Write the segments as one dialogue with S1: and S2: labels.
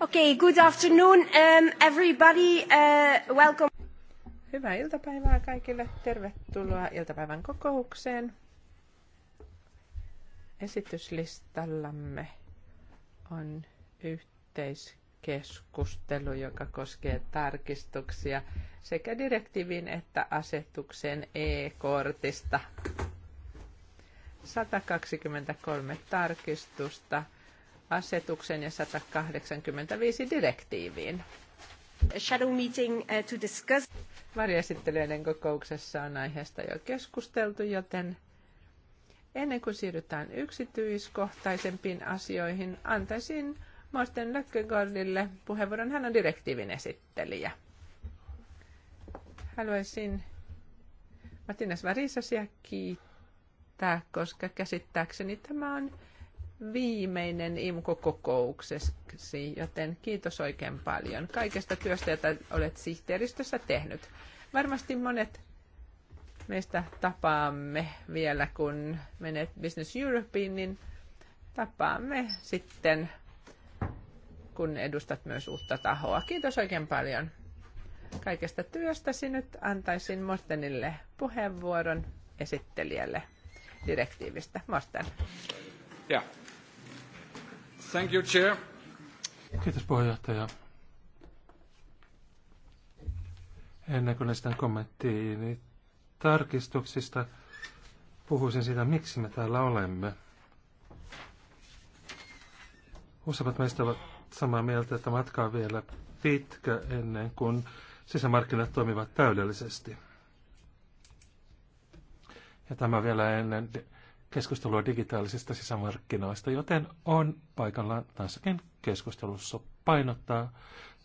S1: Okay, good afternoon um, everybody. Uh, welcome. Hyvää iltapäivää kaikille. Tervetuloa iltapäivän kokoukseen. Esityslistallamme on yhteiskeskustelu, joka koskee tarkistuksia sekä direktiivin että asetuksen e-kortista. 123 tarkistusta – Asetuksen ja 185 direktiiviin. Shadow meeting uh, to discuss. Varjaesittelijöiden kokouksessa on aiheesta jo keskusteltu, joten ennen kuin siirrytään yksityiskohtaisempiin asioihin, antaisin Morten Lökkögordille puheenvuoron. Hän on direktiivin esittelijä. Haluaisin Martinas Varisasia kiittää, koska käsittääkseni tämä on viimeinen IMKO-kokouksesi, joten kiitos oikein paljon kaikesta työstä, jota olet sihteeristössä tehnyt. Varmasti monet meistä tapaamme vielä, kun menet Business Europeen, niin tapaamme sitten, kun edustat myös uutta tahoa. Kiitos oikein paljon kaikesta työstäsi. Nyt antaisin Mortenille puheenvuoron esittelijälle direktiivistä. Morten.
S2: Yeah. Thank you, Chair. Kiitos puheenjohtaja. Ennen kuin esitän kommenttiin niin tarkistuksista, puhuisin siitä, miksi me täällä olemme. Useimmat meistä ovat samaa mieltä, että matka on vielä pitkä ennen kuin sisämarkkinat toimivat täydellisesti. Ja tämä vielä ennen keskustelua digitaalisista sisämarkkinoista, joten on paikallaan tässäkin keskustelussa painottaa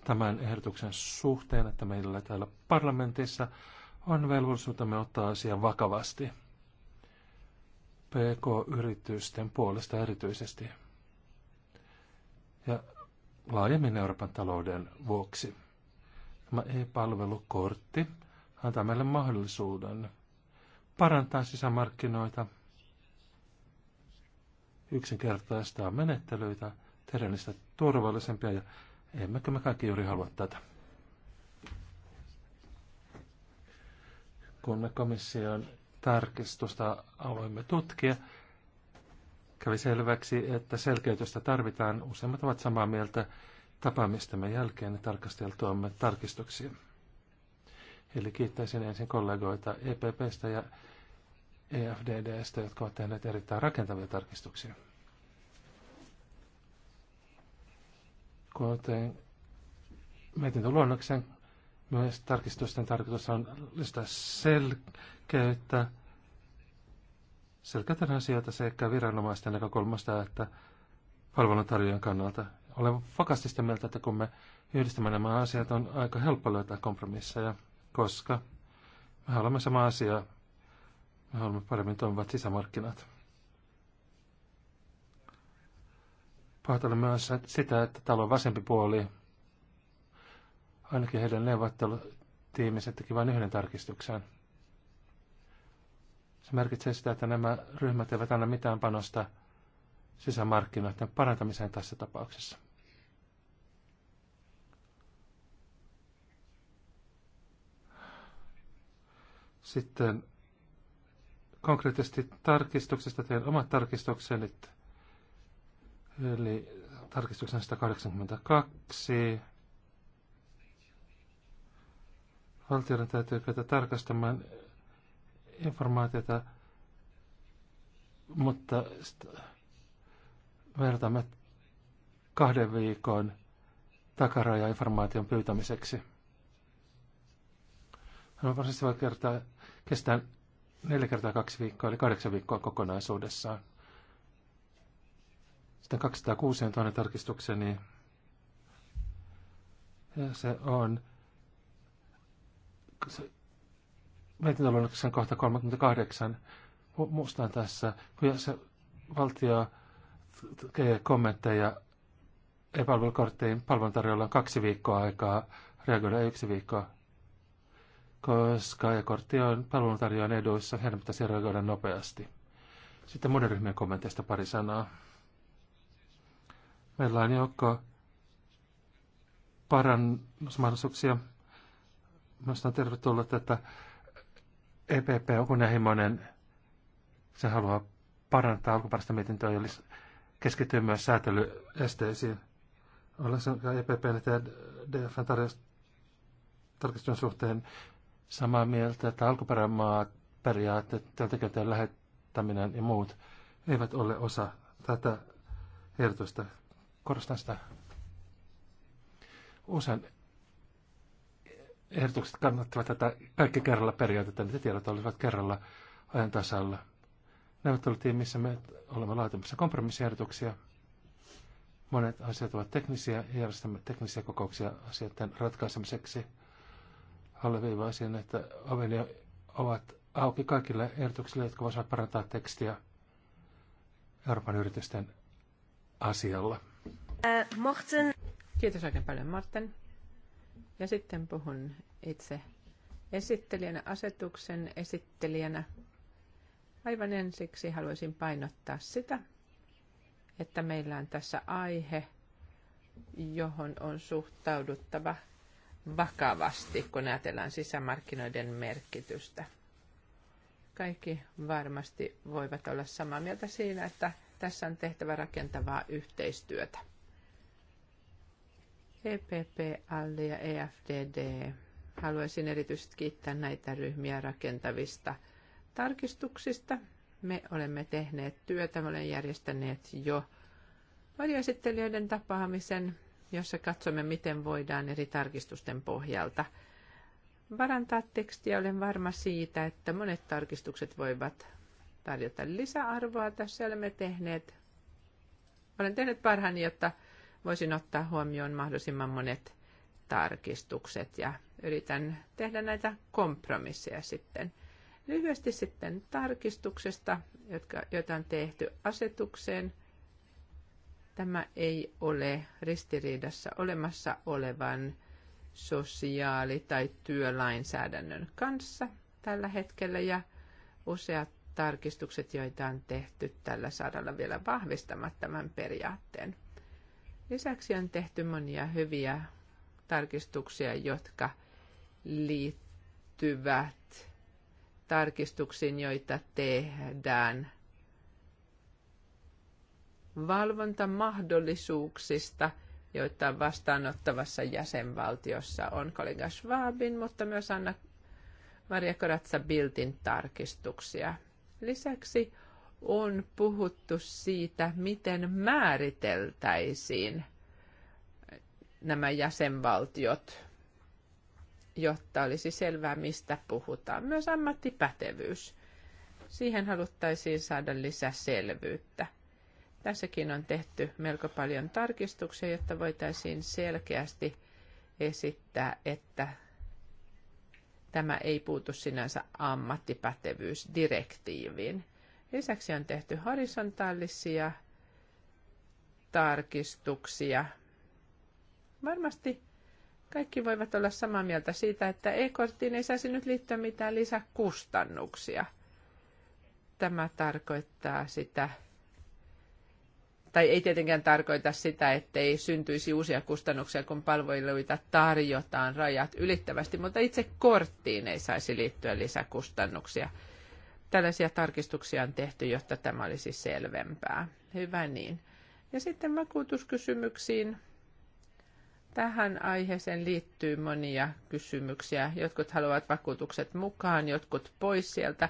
S2: tämän ehdotuksen suhteen, että meillä täällä parlamentissa on velvollisuutemme ottaa asia vakavasti. PK-yritysten puolesta erityisesti. Ja laajemmin Euroopan talouden vuoksi. Tämä e-palvelukortti antaa meille mahdollisuuden parantaa sisämarkkinoita – yksinkertaistaa menettelyitä, tehdä niistä turvallisempia ja emmekö me kaikki juuri halua tätä. Kun me komission tarkistusta aloimme tutkia, kävi selväksi, että selkeytystä tarvitaan. Useimmat ovat samaa mieltä tapaamistamme jälkeen tarkasteltuamme tarkistuksia. Eli kiittäisin ensin kollegoita EPPstä ja EFDDstä, jotka ovat tehneet erittäin rakentavia tarkistuksia. Kuten mietintöluonnoksen myös tarkistusten tarkoitus on lisätä selkeyttä, selkeyttä asioita sekä viranomaisten näkökulmasta että palveluntarjoajan kannalta. Olen vakaasti sitä mieltä, että kun me yhdistämme nämä asiat, on aika helppo löytää kompromisseja, koska me haluamme sama asia me haluamme paremmin toimivat sisämarkkinat. Pahoittelemme myös sitä, että talon vasempi puoli, ainakin heidän neuvottelutiiminsä teki vain yhden tarkistuksen. Se merkitsee sitä, että nämä ryhmät eivät anna mitään panosta sisämarkkinoiden parantamiseen tässä tapauksessa. Sitten konkreettisesti tarkistuksesta teen omat tarkistukseni. Eli tarkistuksen 182. Valtioiden täytyy käydä tarkastamaan informaatiota, mutta vertaamme kahden viikon takaraja informaation pyytämiseksi. Hän on varsin vaikea kertaa kestää neljä kertaa kaksi viikkoa, eli kahdeksan viikkoa kokonaisuudessaan. Sitten 206 on toinen tarkistukseni. Ja se on se, mietintöluonnoksen kohta 38. Muistan tässä, kun se valtio tekee kommentteja e-palvelukorttiin, palveluntarjolla on kaksi viikkoa aikaa reagoida, yksi viikkoa koska ajakortti on palveluntarjoajan eduissa, heidän pitäisi reagoida nopeasti. Sitten muiden ryhmien kommenteista pari sanaa. Meillä on joukko parannusmahdollisuuksia. Minusta on tervetullut, että EPP on kunnianhimoinen. Se haluaa parantaa alkuperäistä mietintöä ja keskittyy myös säätelyesteisiin. Olen EPP ja e DFn tarkistuksen suhteen samaa mieltä, että alkuperämaat periaatteet, työntekijöiden lähettäminen ja muut eivät ole osa tätä ehdotusta. Korostan sitä. Usein ehdotukset kannattavat tätä kaikki kerralla periaatetta, niitä tiedot olisivat kerralla ajan tasalla. missä me olemme laatimassa kompromissiehdotuksia. Monet asiat ovat teknisiä ja järjestämme teknisiä kokouksia asioiden ratkaisemiseksi alleviivaisin, että oveni ovat auki kaikille ehdotuksille, jotka voisivat parantaa tekstiä Euroopan yritysten asialla.
S1: Äh, Kiitos oikein paljon, Martin. Ja sitten puhun itse esittelijänä, asetuksen esittelijänä. Aivan ensiksi haluaisin painottaa sitä, että meillä on tässä aihe, johon on suhtauduttava vakavasti, kun ajatellaan sisämarkkinoiden merkitystä. Kaikki varmasti voivat olla samaa mieltä siinä, että tässä on tehtävä rakentavaa yhteistyötä. EPP, Alli ja EFDD. Haluaisin erityisesti kiittää näitä ryhmiä rakentavista tarkistuksista. Me olemme tehneet työtä, me olemme järjestäneet jo varjoesittelijöiden tapaamisen jossa katsomme, miten voidaan eri tarkistusten pohjalta varantaa tekstiä. Olen varma siitä, että monet tarkistukset voivat tarjota lisäarvoa. Tässä olemme tehneet, olen tehnyt parhaani, jotta voisin ottaa huomioon mahdollisimman monet tarkistukset ja yritän tehdä näitä kompromisseja sitten. Lyhyesti sitten tarkistuksesta, jotka, joita on tehty asetukseen tämä ei ole ristiriidassa olemassa olevan sosiaali- tai työlainsäädännön kanssa tällä hetkellä ja useat tarkistukset, joita on tehty tällä saralla vielä vahvistamat tämän periaatteen. Lisäksi on tehty monia hyviä tarkistuksia, jotka liittyvät tarkistuksiin, joita tehdään valvontamahdollisuuksista, joita vastaanottavassa jäsenvaltiossa on kollega Schwabin, mutta myös Anna Maria Koratsa Biltin tarkistuksia. Lisäksi on puhuttu siitä, miten määriteltäisiin nämä jäsenvaltiot, jotta olisi selvää, mistä puhutaan. Myös ammattipätevyys. Siihen haluttaisiin saada lisää selvyyttä. Tässäkin on tehty melko paljon tarkistuksia, jotta voitaisiin selkeästi esittää, että tämä ei puutu sinänsä ammattipätevyysdirektiiviin. Lisäksi on tehty horisontaalisia tarkistuksia. Varmasti kaikki voivat olla samaa mieltä siitä, että e-korttiin ei saisi nyt liittyä mitään lisäkustannuksia. Tämä tarkoittaa sitä, tai ei tietenkään tarkoita sitä, ettei syntyisi uusia kustannuksia, kun palveluita tarjotaan rajat ylittävästi, mutta itse korttiin ei saisi liittyä lisäkustannuksia. Tällaisia tarkistuksia on tehty, jotta tämä olisi selvempää. Hyvä niin. Ja sitten vakuutuskysymyksiin. Tähän aiheeseen liittyy monia kysymyksiä. Jotkut haluavat vakuutukset mukaan, jotkut pois sieltä,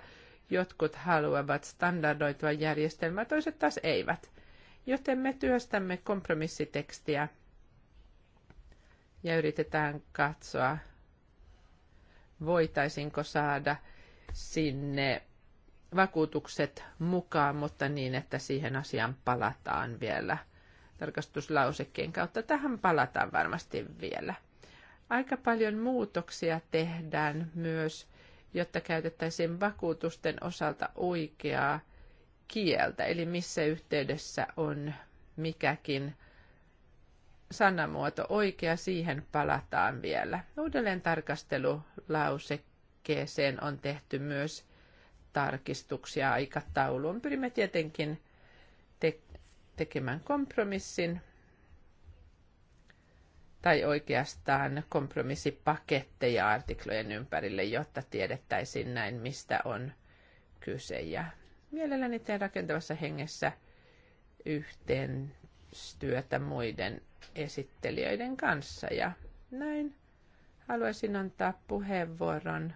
S1: jotkut haluavat standardoitua järjestelmää, toiset taas eivät Joten me työstämme kompromissitekstiä ja yritetään katsoa, voitaisinko saada sinne vakuutukset mukaan, mutta niin, että siihen asiaan palataan vielä tarkastuslausekkeen kautta. Tähän palataan varmasti vielä. Aika paljon muutoksia tehdään myös, jotta käytettäisiin vakuutusten osalta oikeaa kieltä, eli missä yhteydessä on mikäkin sanamuoto oikea, siihen palataan vielä. Uudelleen tarkastelulausekkeeseen on tehty myös tarkistuksia aikatauluun. Pyrimme tietenkin te- tekemään kompromissin, tai oikeastaan kompromissipaketteja artiklojen ympärille, jotta tiedettäisiin näin, mistä on kyse ja mielelläni teen rakentavassa hengessä työtä muiden esittelijöiden kanssa. Ja näin haluaisin antaa puheenvuoron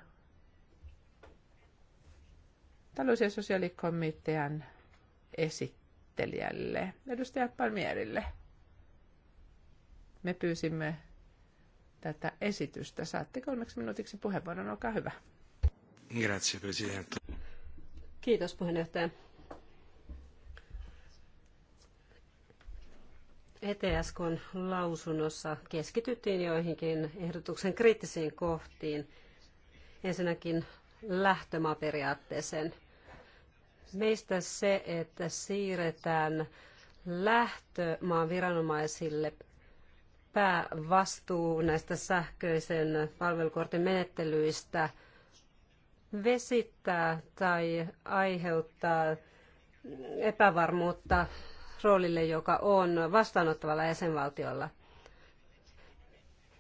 S1: talous- ja sosiaalikomitean esittelijälle, edustaja Palmierille. Me pyysimme tätä esitystä. Saatte kolmeksi minuutiksi puheenvuoron, olkaa hyvä.
S2: Grazie, Presidente.
S1: Kiitos
S3: puheenjohtaja. ETSKn lausunnossa keskityttiin joihinkin ehdotuksen kriittisiin kohtiin. Ensinnäkin lähtömaaperiaatteeseen. Meistä se, että siirretään lähtömaan viranomaisille päävastuu näistä sähköisen palvelukortin menettelyistä – vesittää tai aiheuttaa epävarmuutta roolille, joka on vastaanottavalla jäsenvaltiolla.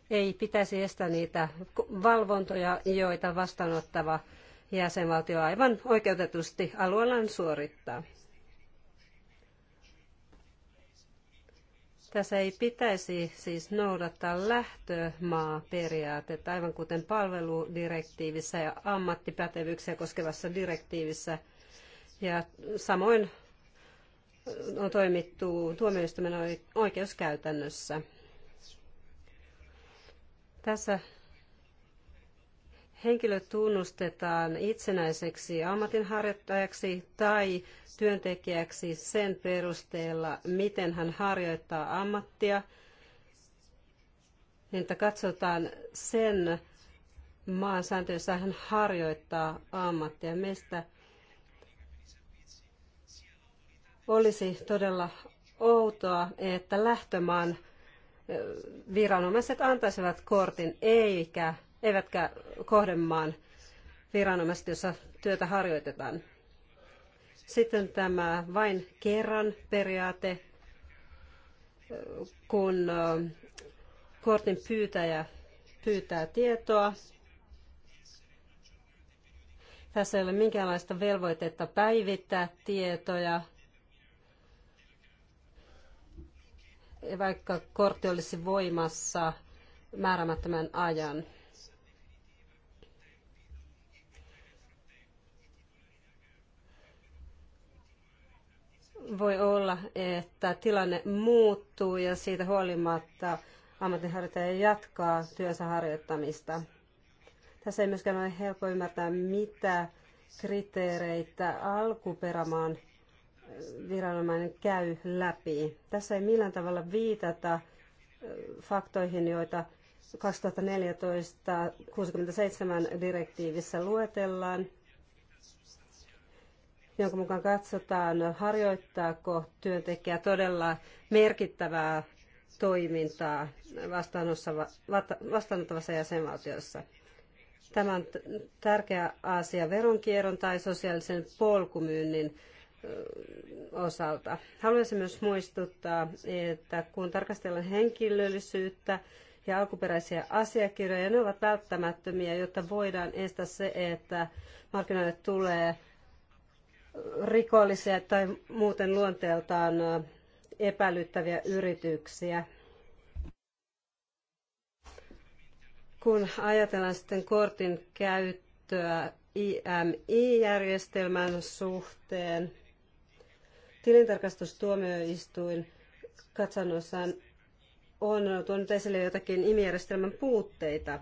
S3: Ei pitäisi estää niitä valvontoja, joita vastaanottava jäsenvaltio aivan oikeutetusti alueellaan suorittaa. Tässä ei pitäisi siis noudattaa lähtömaaperiaatetta, aivan kuten palveludirektiivissä ja ammattipätevyyksiä koskevassa direktiivissä. Ja samoin on toimittu tuomioistuimen oikeuskäytännössä. Tässä henkilö tunnustetaan itsenäiseksi ammatinharjoittajaksi tai työntekijäksi sen perusteella, miten hän harjoittaa ammattia, niin että katsotaan sen maan sääntöjen jossa hän harjoittaa ammattia. Meistä olisi todella outoa, että lähtömaan viranomaiset antaisivat kortin eikä eivätkä kohdemaan viranomaiset, jossa työtä harjoitetaan. Sitten tämä vain kerran periaate, kun kortin pyytäjä pyytää tietoa. Tässä ei ole minkäänlaista velvoitetta päivittää tietoja. Vaikka kortti olisi voimassa määrämättömän ajan. voi olla, että tilanne muuttuu ja siitä huolimatta ammattiharjoittaja jatkaa työnsä harjoittamista. Tässä ei myöskään ole helppo ymmärtää, mitä kriteereitä alkuperämaan viranomainen käy läpi. Tässä ei millään tavalla viitata faktoihin, joita 2014-67 direktiivissä luetellaan, jonka mukaan katsotaan, harjoittaako työntekijä todella merkittävää toimintaa vastaanottavassa jäsenvaltiossa. Tämä on tärkeä asia veronkierron tai sosiaalisen polkumyynnin osalta. Haluaisin myös muistuttaa, että kun tarkastellaan henkilöllisyyttä ja alkuperäisiä asiakirjoja, ne ovat välttämättömiä, jotta voidaan estää se, että markkinoille tulee rikollisia tai muuten luonteeltaan epäilyttäviä yrityksiä. Kun ajatellaan sitten kortin käyttöä IMI-järjestelmän suhteen, tilintarkastustuomioistuin katsannossaan on tuonut esille jotakin järjestelmän puutteita.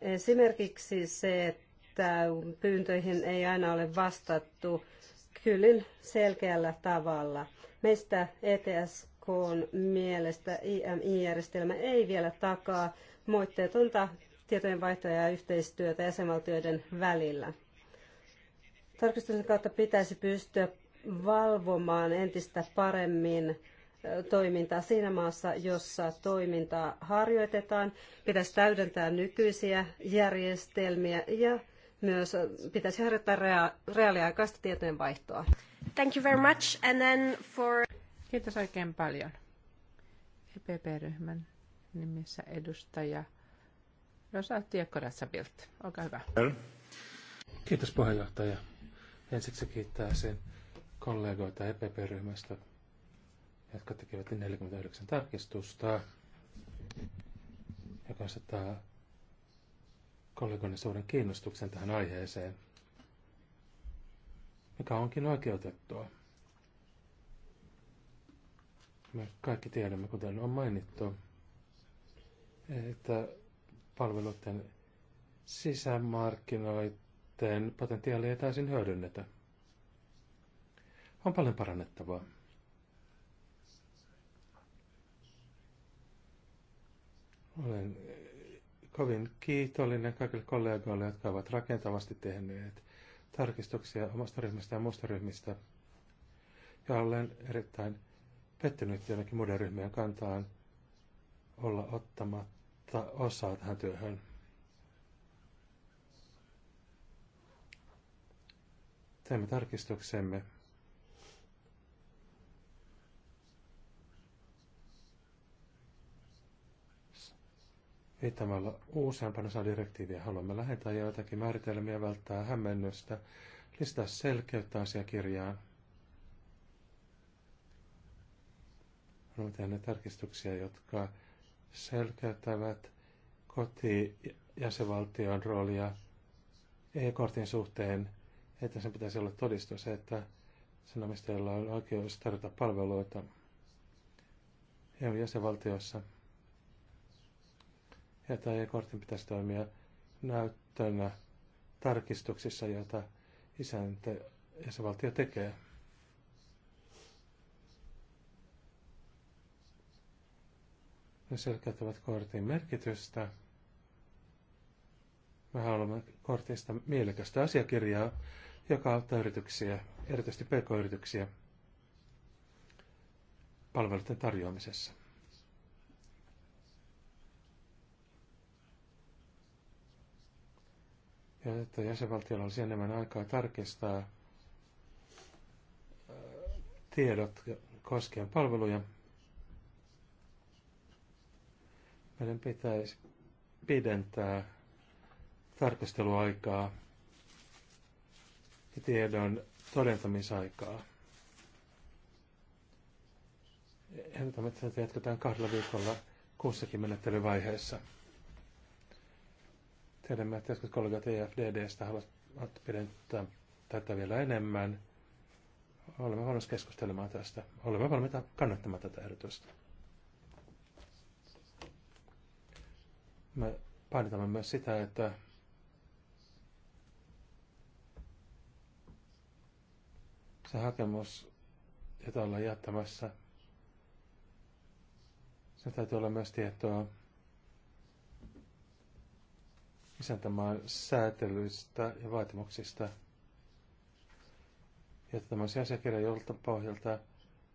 S3: Esimerkiksi se, että että pyyntöihin ei aina ole vastattu kyllin selkeällä tavalla. Meistä ETSK mielestä IMI-järjestelmä ei vielä takaa moitteetonta tietojenvaihtoja ja yhteistyötä jäsenvaltioiden välillä. Tarkistuksen kautta pitäisi pystyä valvomaan entistä paremmin toimintaa siinä maassa, jossa toimintaa harjoitetaan. Pitäisi täydentää nykyisiä järjestelmiä ja myös pitäisi harjoittaa rea- reaaliaikaista tietojenvaihtoa. Thank you very much. And then for... Kiitos oikein paljon.
S1: EPP-ryhmän nimissä edustaja Rosa Tiekkoratsa-Bilt. Olkaa hyvä.
S2: Kiitos puheenjohtaja. Ensiksi kiittää sen kollegoita EPP-ryhmästä, jotka tekevät 49 tarkistusta, ja asettaa kollegoiden suuren kiinnostuksen tähän aiheeseen, mikä onkin oikeutettua. Me kaikki tiedämme, kuten on mainittu, että palveluiden sisämarkkinoiden potentiaalia ei täysin hyödynnetä. On paljon parannettavaa. Olen kovin kiitollinen kaikille kollegoille, jotka ovat rakentavasti tehneet tarkistuksia omasta ryhmästä ja muusta ryhmistä. Ja olen erittäin pettynyt jonnekin muiden ryhmien kantaan olla ottamatta osaa tähän työhön. Teemme tarkistuksemme viittaamalla useampana osaa direktiiviä haluamme lähentää joitakin määritelmiä, välttää hämmennystä, lisätä selkeyttä asiakirjaan. tehdä tehneet tarkistuksia, jotka selkeyttävät kotijäsenvaltion roolia e-kortin suhteen, että sen pitäisi olla todistus, että sen omistajalla on oikeus tarjota palveluita EU-jäsenvaltiossa – ja tai kortin pitäisi toimia näyttönä tarkistuksissa, joita isäntä ja se valtio tekee. Ne selkeyttävät kortin merkitystä. Me haluamme kortista mielekästä asiakirjaa, joka auttaa yrityksiä, erityisesti pk-yrityksiä, palveluiden tarjoamisessa. ja että jäsenvaltiolla olisi enemmän aikaa tarkistaa äh, tiedot koskien palveluja. Meidän pitäisi pidentää tarkasteluaikaa ja tiedon todentamisaikaa. Ehdotamme, että jatketaan kahdella viikolla kussakin menettelyvaiheessa. Tiedämme, että jotkut kollegat EFDDstä haluavat pidentää tätä vielä enemmän. Olemme valmis keskustelemaan tästä. Olemme valmiita kannattamaan tätä ehdotusta. Me painotamme myös sitä, että se hakemus, jota ollaan jättämässä, se täytyy olla myös tietoa isäntämaan säätelyistä ja vaatimuksista. Ja tämmöisiä asiakirja, jolta pohjalta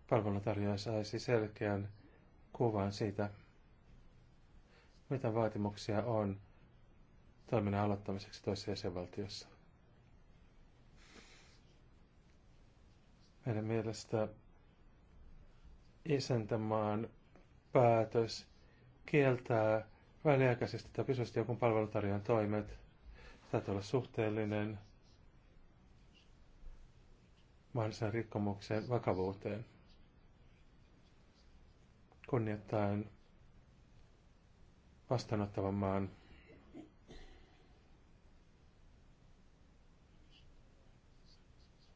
S2: palveluntarjoaja saisi selkeän kuvan siitä, mitä vaatimuksia on toiminnan aloittamiseksi toisessa jäsenvaltiossa. Meidän mielestä isäntämaan päätös kieltää väliaikaisesti tai pysyvästi jonkun palvelutarjoajan toimet. Täytyy olla suhteellinen mahdollisen rikkomukseen vakavuuteen. Kunnioittain vastaanottavan maan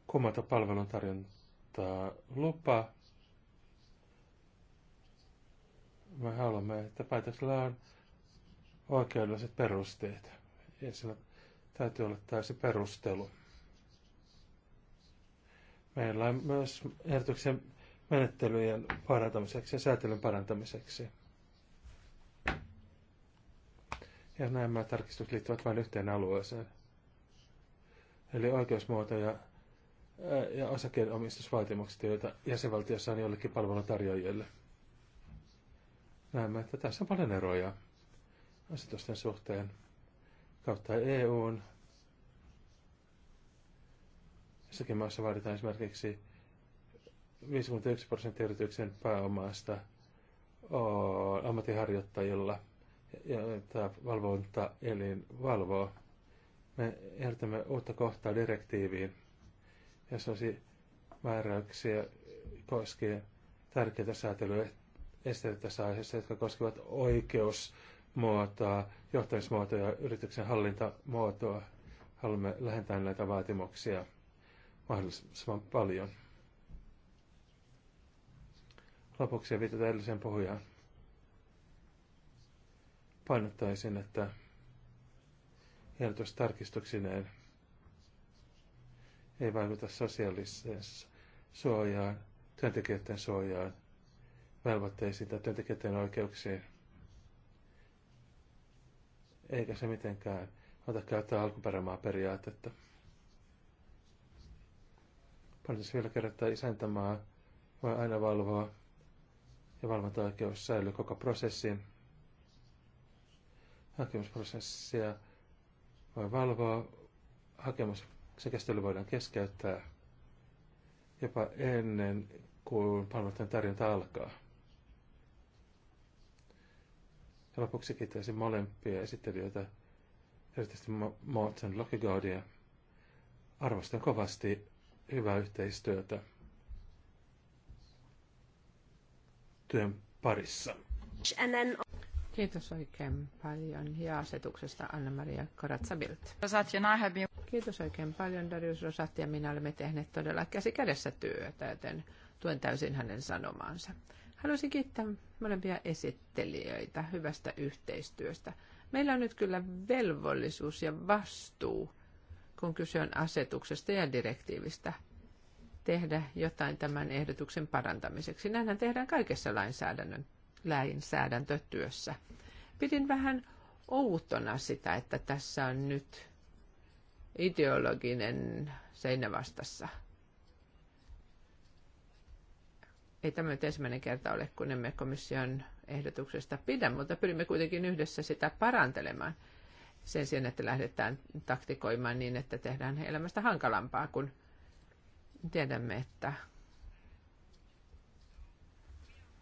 S2: kumota palvelun tarjontaa lupa. Me haluamme, että päätöksellä on oikeudelliset perusteet. Ensin täytyy olla täysi perustelu. Meillä on myös ehdotuksen menettelyjen parantamiseksi ja säätelyn parantamiseksi. Ja nämä tarkistukset liittyvät vain yhteen alueeseen. Eli oikeusmuoto ja, ja osakkeenomistusvaatimukset, joita jäsenvaltiossa on jollekin palveluntarjoajille. Näemme, että tässä on paljon eroja asetusten suhteen kautta EUn. Jossakin maassa vaaditaan esimerkiksi 51 prosenttia yrityksen pääomaasta ammattiharjoittajilla, valvonta elin valvoo. Me ehdotamme uutta kohtaa direktiiviin, jossa olisi määräyksiä koskien tärkeitä säätelyesteitä aiheessa, jotka koskevat oikeus muotoa, johtamismuotoa ja yrityksen hallintamuotoa. Haluamme lähentää näitä vaatimuksia mahdollisimman paljon. Lopuksi viitataan edelliseen puhujaan. Painottaisin, että ehdotus tarkistuksineen ei vaikuta sosiaaliseen suojaan, työntekijöiden suojaan, velvoitteisiin tai työntekijöiden oikeuksiin – eikä se mitenkään ota käyttää alkuperämaa periaatetta. Painotus vielä kerrottaa isäntämaa voi aina valvoa ja valvontaoikeus säilyy koko prosessin. Hakemusprosessia voi valvoa, hakemus se kestely voidaan keskeyttää jopa ennen kuin palveluiden tarjonta alkaa. Ja lopuksi kiittäisin molempia esittelijöitä, erityisesti Morten Lockegaudia. Arvostan kovasti hyvää yhteistyötä työn parissa.
S1: Kiitos oikein paljon ja asetuksesta Anna-Maria Koratsabilt. Kiitos oikein paljon Darius Rosat ja minä olemme tehneet todella käsi kädessä työtä, joten tuen täysin hänen sanomaansa. Haluaisin kiittää molempia esittelijöitä hyvästä yhteistyöstä. Meillä on nyt kyllä velvollisuus ja vastuu, kun kyse on asetuksesta ja direktiivistä, tehdä jotain tämän ehdotuksen parantamiseksi. Näinhän tehdään kaikessa lainsäädännön, lainsäädäntötyössä. Pidin vähän outona sitä, että tässä on nyt ideologinen seinä vastassa – Ei tämä nyt ensimmäinen kerta ole, kun emme komission ehdotuksesta pidä, mutta pyrimme kuitenkin yhdessä sitä parantelemaan sen sijaan, että lähdetään taktikoimaan niin, että tehdään elämästä hankalampaa, kun tiedämme, että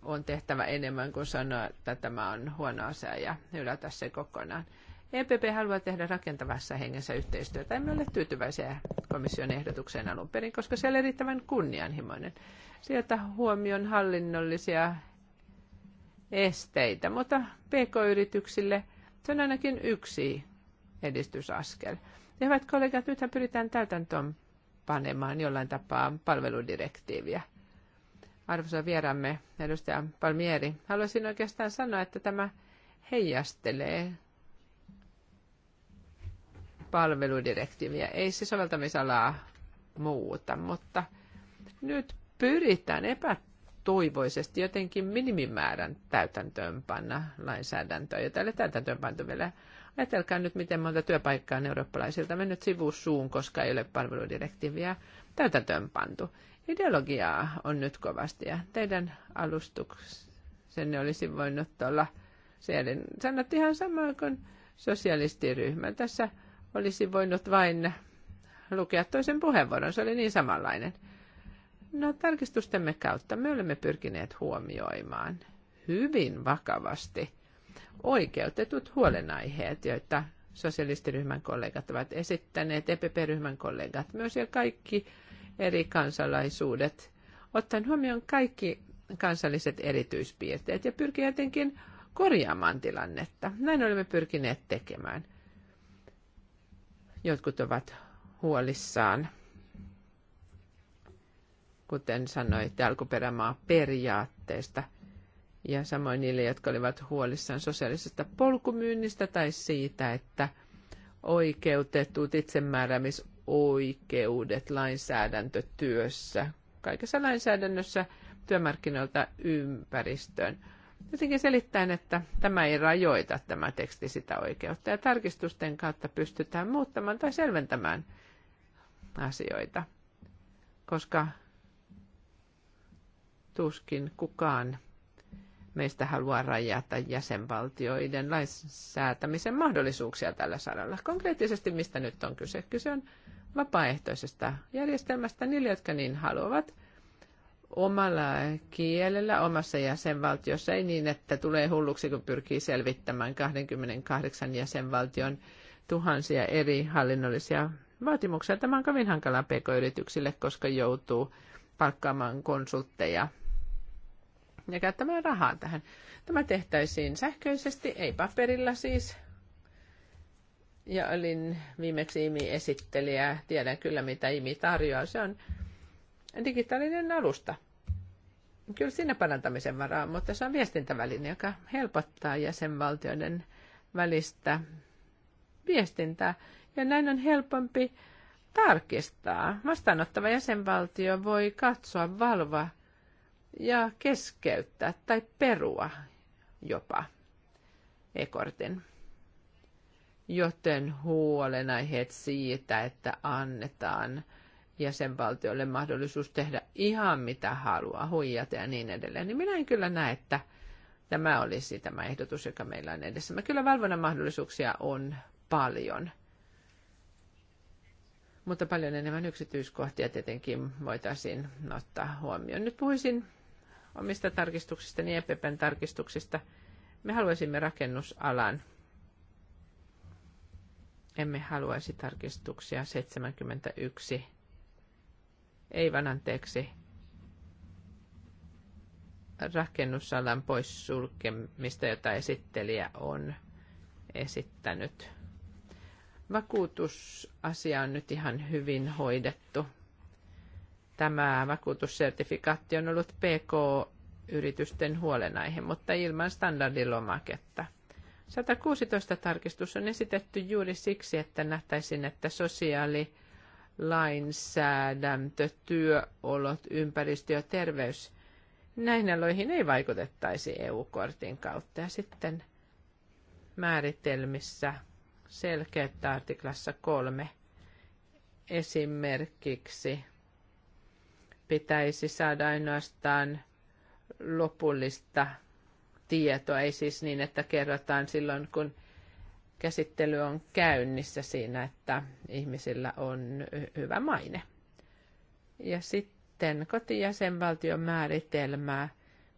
S1: on tehtävä enemmän kuin sanoa, että tämä on huono asia ja hylätä se kokonaan. EPP haluaa tehdä rakentavassa hengessä yhteistyötä. Emme ole tyytyväisiä komission ehdotukseen alun perin, koska se oli erittäin kunnianhimoinen. Sieltä huomioon hallinnollisia esteitä, mutta PK-yrityksille se on ainakin yksi edistysaskel. Ja hyvät kollegat, nythän pyritään täytäntöön panemaan jollain tapaa palveludirektiiviä. Arvoisa vieramme, edustaja Palmieri, haluaisin oikeastaan sanoa, että tämä heijastelee palveludirektiiviä. Ei se soveltamisalaa muuta, mutta nyt pyritään epätoivoisesti jotenkin minimimäärän täytäntöönpanna lainsäädäntöä, ja tälle täytäntöönpanto vielä Ajatelkaa nyt, miten monta työpaikkaa on eurooppalaisilta mennyt sivusuun, koska ei ole palveludirektiiviä täytäntöönpantu. Ideologiaa on nyt kovasti ja teidän alustuksenne olisi voinut olla siellä. Sanot ihan samoin kuin sosialistiryhmä. Tässä olisi voinut vain lukea toisen puheenvuoron. Se oli niin samanlainen. No tarkistustemme kautta me olemme pyrkineet huomioimaan hyvin vakavasti oikeutetut huolenaiheet, joita sosialistiryhmän kollegat ovat esittäneet, EPP-ryhmän kollegat myös ja kaikki eri kansalaisuudet, ottaen huomioon kaikki kansalliset erityispiirteet ja pyrkii jotenkin korjaamaan tilannetta. Näin olemme pyrkineet tekemään jotkut ovat huolissaan, kuten sanoitte, alkuperämaa periaatteesta ja samoin niille, jotka olivat huolissaan sosiaalisesta polkumyynnistä tai siitä, että oikeutetut itsemääräämisoikeudet lainsäädäntötyössä, kaikessa lainsäädännössä työmarkkinoilta ympäristöön – Jotenkin selittäen, että tämä ei rajoita tämä teksti sitä oikeutta ja tarkistusten kautta pystytään muuttamaan tai selventämään asioita, koska tuskin kukaan meistä haluaa rajata jäsenvaltioiden lainsäätämisen mahdollisuuksia tällä saralla. Konkreettisesti mistä nyt on kyse? Kyse on vapaaehtoisesta järjestelmästä niille, jotka niin haluavat omalla kielellä omassa jäsenvaltiossa, ei niin, että tulee hulluksi, kun pyrkii selvittämään 28 jäsenvaltion tuhansia eri hallinnollisia vaatimuksia. Tämä on kovin hankalaa pk-yrityksille, koska joutuu palkkaamaan konsultteja ja käyttämään rahaa tähän. Tämä tehtäisiin sähköisesti, ei paperilla siis. Ja olin viimeksi IMI-esittelijä. Tiedän kyllä, mitä IMI tarjoaa. Se on digitaalinen alusta. Kyllä siinä parantamisen varaa, mutta se on viestintäväline, joka helpottaa jäsenvaltioiden välistä viestintää. Ja näin on helpompi tarkistaa. Vastaanottava jäsenvaltio voi katsoa, valva ja keskeyttää tai perua jopa ekortin. Joten huolenaiheet siitä, että annetaan – jäsenvaltioille mahdollisuus tehdä ihan mitä haluaa, huijata ja niin edelleen, niin minä en kyllä näe, että tämä olisi tämä ehdotus, joka meillä on edessä. Me kyllä valvonnan mahdollisuuksia on paljon, mutta paljon enemmän yksityiskohtia tietenkin voitaisiin ottaa huomioon. Nyt puhuisin omista tarkistuksista, niin EPPn tarkistuksista. Me haluaisimme rakennusalan. Emme haluaisi tarkistuksia 71 ei vaan anteeksi, rakennusalan poissulkemista, jota esittelijä on esittänyt. Vakuutusasia on nyt ihan hyvin hoidettu. Tämä vakuutussertifikaatti on ollut PK-yritysten huolenaihe, mutta ilman standardilomaketta. 116 tarkistus on esitetty juuri siksi, että nähtäisin, että sosiaali- lainsäädäntö, työolot, ympäristö ja terveys, näihin aloihin ei vaikutettaisi EU-kortin kautta. Ja sitten määritelmissä selkeyttä artiklassa kolme esimerkiksi pitäisi saada ainoastaan lopullista tietoa, ei siis niin, että kerrotaan silloin, kun käsittely on käynnissä siinä, että ihmisillä on hyvä maine. Ja sitten kotijäsenvaltion määritelmää.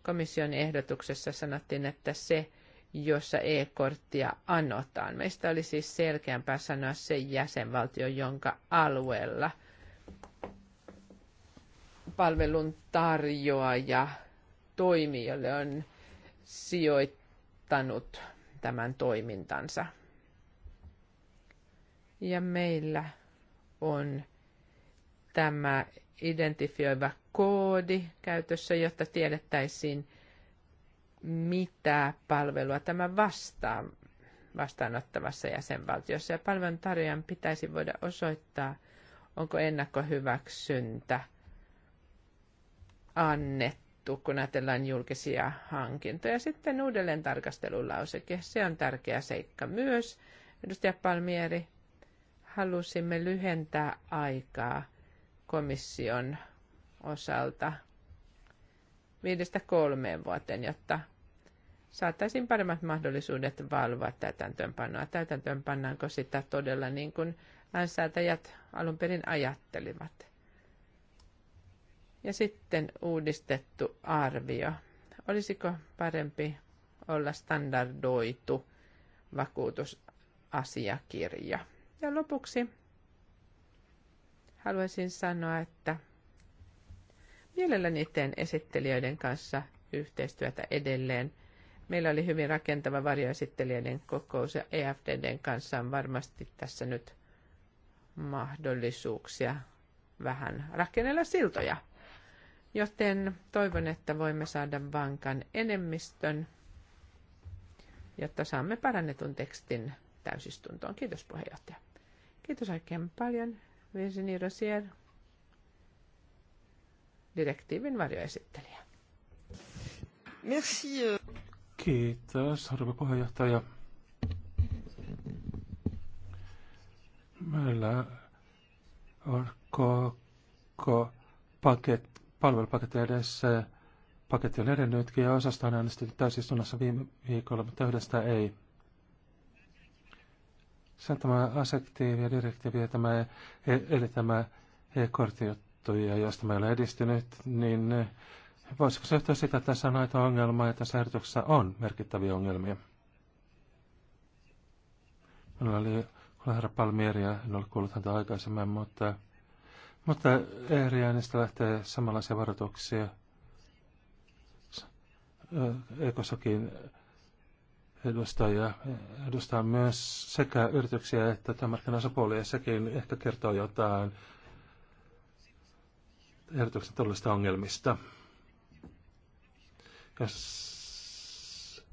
S1: Komission ehdotuksessa sanottiin, että se, jossa e-korttia anotaan. Meistä oli siis selkeämpää sanoa se jäsenvaltio, jonka alueella palvelun tarjoaja toimii, jolle on sijoittanut tämän toimintansa. Ja meillä on tämä identifioiva koodi käytössä, jotta tiedettäisiin, mitä palvelua tämä vastaa vastaanottavassa jäsenvaltiossa. Ja palveluntarjoajan pitäisi voida osoittaa, onko ennakkohyväksyntä annettu, kun ajatellaan julkisia hankintoja. Sitten uudelleen tarkastelulauseke, se on tärkeä seikka myös. Edustaja Palmieri halusimme lyhentää aikaa komission osalta viidestä kolmeen vuoteen, jotta saataisiin paremmat mahdollisuudet valvoa täytäntöönpanoa. Täytäntöönpannaanko sitä todella niin kuin lainsäätäjät alun perin ajattelivat. Ja sitten uudistettu arvio. Olisiko parempi olla standardoitu vakuutusasiakirja? Ja lopuksi haluaisin sanoa, että mielelläni teen esittelijöiden kanssa yhteistyötä edelleen. Meillä oli hyvin rakentava varjoesittelijöiden kokous ja EFDDn kanssa on varmasti tässä nyt mahdollisuuksia vähän rakennella siltoja. Joten toivon, että voimme saada vankan enemmistön, jotta saamme parannetun tekstin täysistuntoon. Kiitos puheenjohtaja. Kiitos oikein paljon, Virginie Rosier, direktiivin varjoesittelijä.
S4: Merci. Euh.
S2: Kiitos, rouva puheenjohtaja. Meillä on koko paket, palvelupaketti edessä. Paketti on edennytkin ja osasta on äänestetty täysistunnassa viime viikolla, mutta yhdestä ei. Sen tämä asektiivi ja direktiivi ja tämä, e- eli tämä e-kortti ja josta meillä on edistynyt, niin eh, voisiko se yhtyä sitä, että tässä on aito ongelma ja tässä ehdotuksessa on merkittäviä ongelmia? Minulla oli herra ja en ole kuullut häntä aikaisemmin, mutta, mutta Eeriäänistä lähtee samanlaisia varoituksia. Eh, Ekosokin edustaa, ja edustaa myös sekä yrityksiä että työmarkkinaosapuolia, sekin ehkä kertoo jotain yrityksen todellisista ongelmista. Jos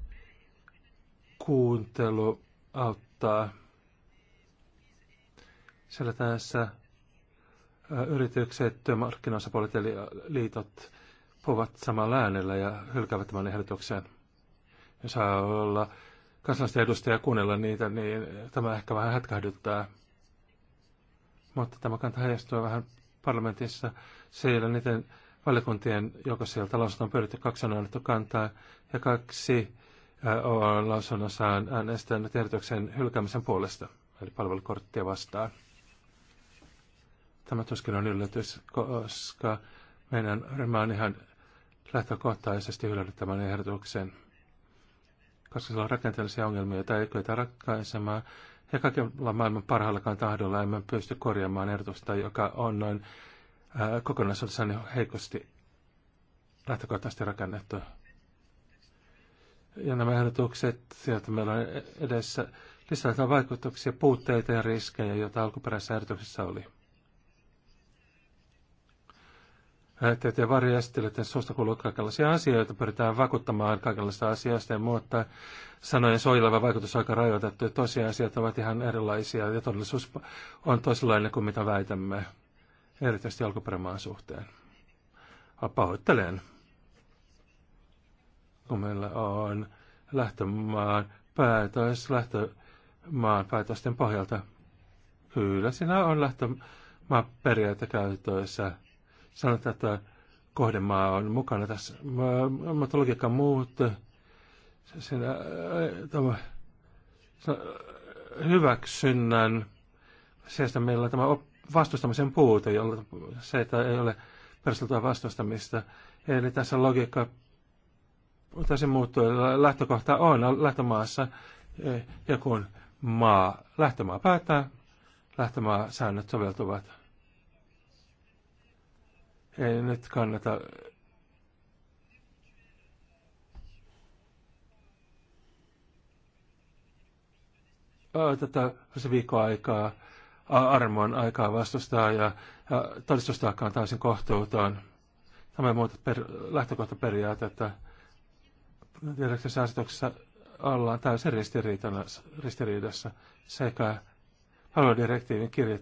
S2: kuuntelu auttaa siellä tässä yritykset, työmarkkinaosapuolet eli liitot puhuvat samalla äänellä ja hylkäävät tämän ehdotuksen ja saa olla kansalaisten edustajia kuunnella niitä, niin tämä ehkä vähän hätkähdyttää. Mutta tämä kantaa heijastua vähän parlamentissa siellä niiden valiokuntien joukossa talousta on pyydetty kaksi on annettu kantaa ja kaksi äh, on lausunnossaan äänestänyt ehdotuksen hylkäämisen puolesta, eli palvelukorttia vastaan. Tämä tuskin on yllätys, koska meidän ryhmä on ihan lähtökohtaisesti hylännyt tämän ehdotuksen koska sillä on rakenteellisia ongelmia, joita ei kyetä ratkaisemaan. Ja kaikilla maailman parhaallakaan tahdolla emme pysty korjaamaan ehdotusta, joka on noin ää, kokonaisuudessaan heikosti lähtökohtaisesti rakennettu. Ja nämä ehdotukset, sieltä meillä on edessä, lisätään vaikutuksia, puutteita ja riskejä, joita alkuperäisessä ehdotuksessa oli. äitteet ja varjastelijoiden suusta kuuluu kaikenlaisia asioita, pyritään vakuuttamaan kaikenlaista asioista, muuta. sanojen soileva vaikutus on aika rajoitettu. Tosiasiat ovat ihan erilaisia ja todellisuus on toisenlainen kuin mitä väitämme, erityisesti alkuperämaan suhteen. Pahoittelen, kun meillä on lähtömaan päätös lähtömaan päätösten pohjalta. Kyllä, siinä on lähtömaan periaate käytössä sanotaan, että kohdemaa on mukana tässä. Mutta logiikka muut, sen, tämä, hyväksynnän sijasta meillä on tämä vastustamisen puute, jolla se, että ei ole perusteltua vastustamista. Eli tässä logiikka täysin muuttuu. Lähtökohta on lähtömaassa eh, joku maa, lähtömaa päättää, lähtömaa säännöt soveltuvat ei nyt kannata tätä se aikaa, armon aikaa vastustaa ja, ja todistustaakaan on täysin Tämä on muuta per, että Direktiivisessä asetuksessa ollaan täysin ristiriidassa sekä palveludirektiivin kirjat,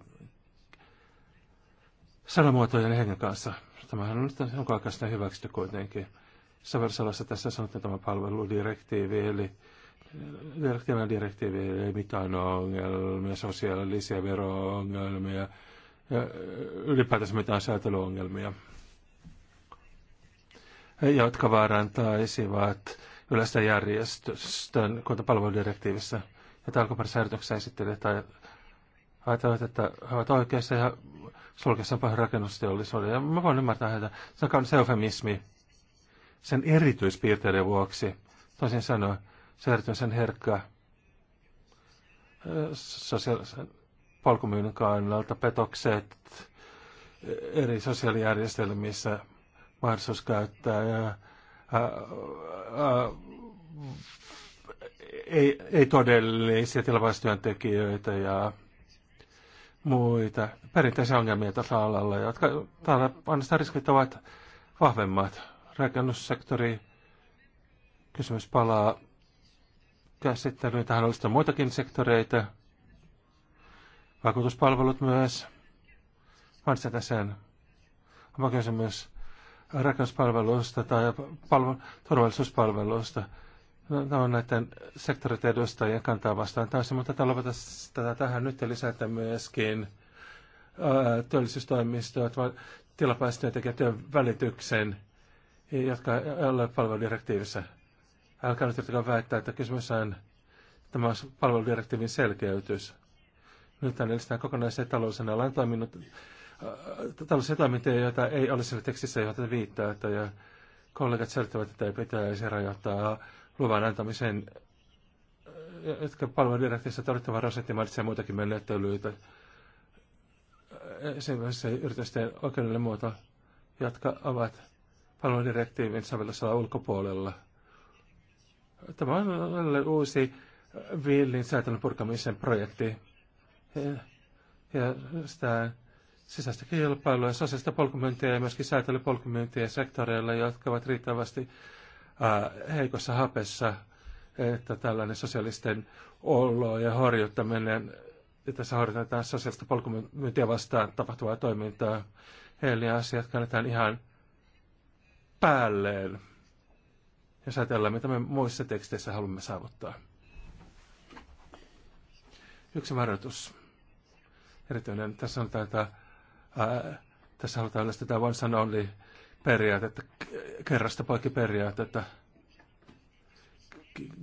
S2: sanamuotojen hengen kanssa. Tämähän on nyt jonkin aikaa sitten hyväksytty kuitenkin. Saversalassa tässä sanottiin tämä palveludirektiivi, eli direktiivinen direktiivi ei mitään ongelmia, sosiaalisia vero-ongelmia ja ylipäätänsä mitään säätelyongelmia, jotka vaarantaisivat yleistä kun palveludirektiivissä Ja alkuperäisessä esittelijät ajatellut, että he ovat oikeassa ja sulkessa pahin rakennusteollisuuden. Ja mä voin ymmärtää heitä. Se on eufemismi sen erityispiirteiden vuoksi. Toisin sanoen, se erityisen herkkä sosiaalisen polkumyynnin kannalta petokset eri sosiaalijärjestelmissä, mahdollisuus käyttää ja, ää, ää, ei, ei todellisia tilapäistyöntekijöitä ja muita perinteisiä ongelmia tasa-alalla, jotka täällä ainoastaan riskit ovat vahvemmat. Rakennussektori kysymys palaa käsittelyyn. Tähän olisi muitakin sektoreita. Vakuutuspalvelut myös. Mainitsen sen. Oma kysymys rakennuspalveluista tai palvelu- turvallisuuspalveluista. No, on näiden sektorit edustajien kantaa vastaan taas, mutta tällä tätä tähän nyt lisätä myöskin ää, työllisyystoimistot, ja välityksen, jotka ole palveludirektiivissä. Älkää nyt yrittäkää väittää, että kysymys on tämä palveludirektiivin selkeytys. Nyt tänne edistää kokonaisia taloudellisen alan toiminnot, taloudellisia toimintoja, joita ei ole siellä tekstissä, joita viittaa, että ja kollegat selittävät, että ei pitäisi rajoittaa luvan antamisen, jotka palveludirektiivissä tarvittava rasetti mainitsee muitakin menettelyitä. Esimerkiksi yritysten oikeudelle muuta, jotka ovat palveludirektiivin sovellusalan ulkopuolella. Tämä on uusi villin säätelyn purkamisen projekti. Ja, ja sitä sisäistä kilpailua ja sosiaalista polkumyyntiä ja myöskin säätelypolkumyyntiä sektoreilla, jotka ovat riittävästi Äh, heikossa hapessa, että tällainen sosiaalisten ja horjuttaminen, ja tässä horjutetaan sosiaalista polkumyyntiä vastaan tapahtuvaa toimintaa, heille asiat kannetaan ihan päälleen, Ja ajatellaan, mitä me muissa teksteissä haluamme saavuttaa. Yksi varoitus. Erityinen. Tässä on tätä, ää, äh, tässä halutaan yleistä tämä one and only periaatetta, kerrasta poikki periaatetta.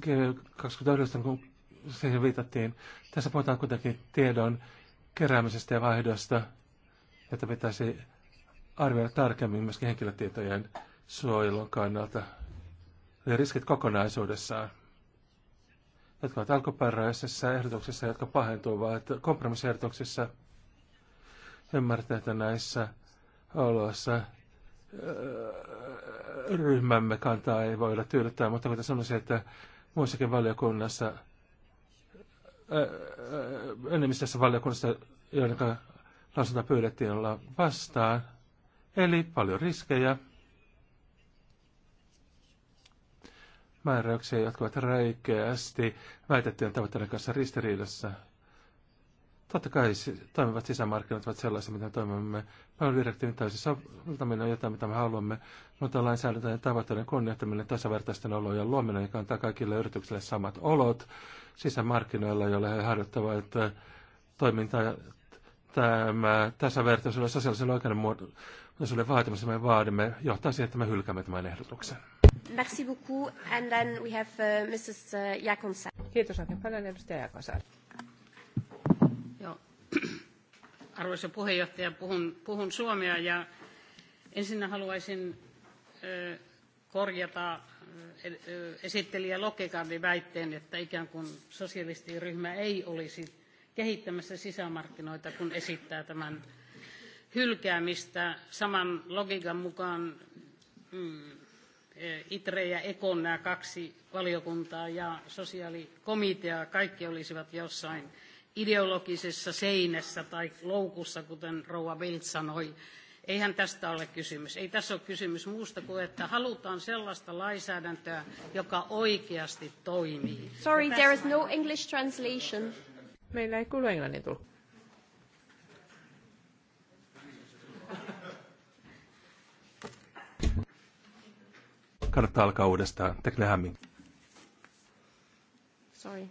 S2: G29, kun siihen viitattiin, tässä puhutaan kuitenkin tiedon keräämisestä ja vaihdosta, että pitäisi arvioida tarkemmin myöskin henkilötietojen suojelun kannalta. Eli riskit kokonaisuudessaan, jotka ovat alkuperäisessä ehdotuksessa, jotka pahentuvat kompromissiehdotuksissa, ymmärtää, että näissä oloissa ryhmämme kantaa ei voida tyydyttää, mutta kuten sanoisin, että muissakin valiokunnassa, enemmistössä valiokunnassa, joiden lausunta pyydettiin olla vastaan, eli paljon riskejä, määräyksiä, jatkuvat ovat räikeästi väitettyjen tavoitteiden kanssa ristiriidassa – Totta kai toimivat sisämarkkinat ovat sellaisia, mitä toimimme. direktiivin täysin soveltaminen on jotain, mitä me haluamme, mutta lainsäädäntöjen tavoitteiden kunnioittaminen tasavertaisten olojen luominen, joka antaa kaikille yrityksille samat olot sisämarkkinoilla, joille he harjoittavat äh, toimintaa tämä tasavertaisuuden sosiaalisen oikeudenmukaisuuden vaatimus, me vaadimme, johtaa siihen, että me hylkäämme tämän ehdotuksen.
S3: Merci beaucoup. And then we have uh, Mrs. Uh, Kiitos oikein
S1: paljon, edustaja Jakonsaari.
S2: Arvoisa
S4: puheenjohtaja, puhun, puhun suomea ja ensin haluaisin ö, korjata esittelijä Lokekardin väitteen, että ikään kuin sosialistiryhmä ei olisi kehittämässä sisämarkkinoita, kun esittää tämän hylkäämistä. Saman logiikan mukaan mm, ITRE ja ECON, nämä kaksi valiokuntaa ja sosiaalikomitea kaikki olisivat jossain – ideologisessa seinässä tai loukussa, kuten Rouva Bild sanoi. Eihän tästä ole kysymys. Ei tässä ole kysymys muusta kuin, että halutaan sellaista lainsäädäntöä, joka oikeasti toimii. Sorry, there is no
S1: English translation. Meillä ei kuulu englannin tullut.
S2: Kartta alkaa uudestaan. Tekle
S4: Sorry.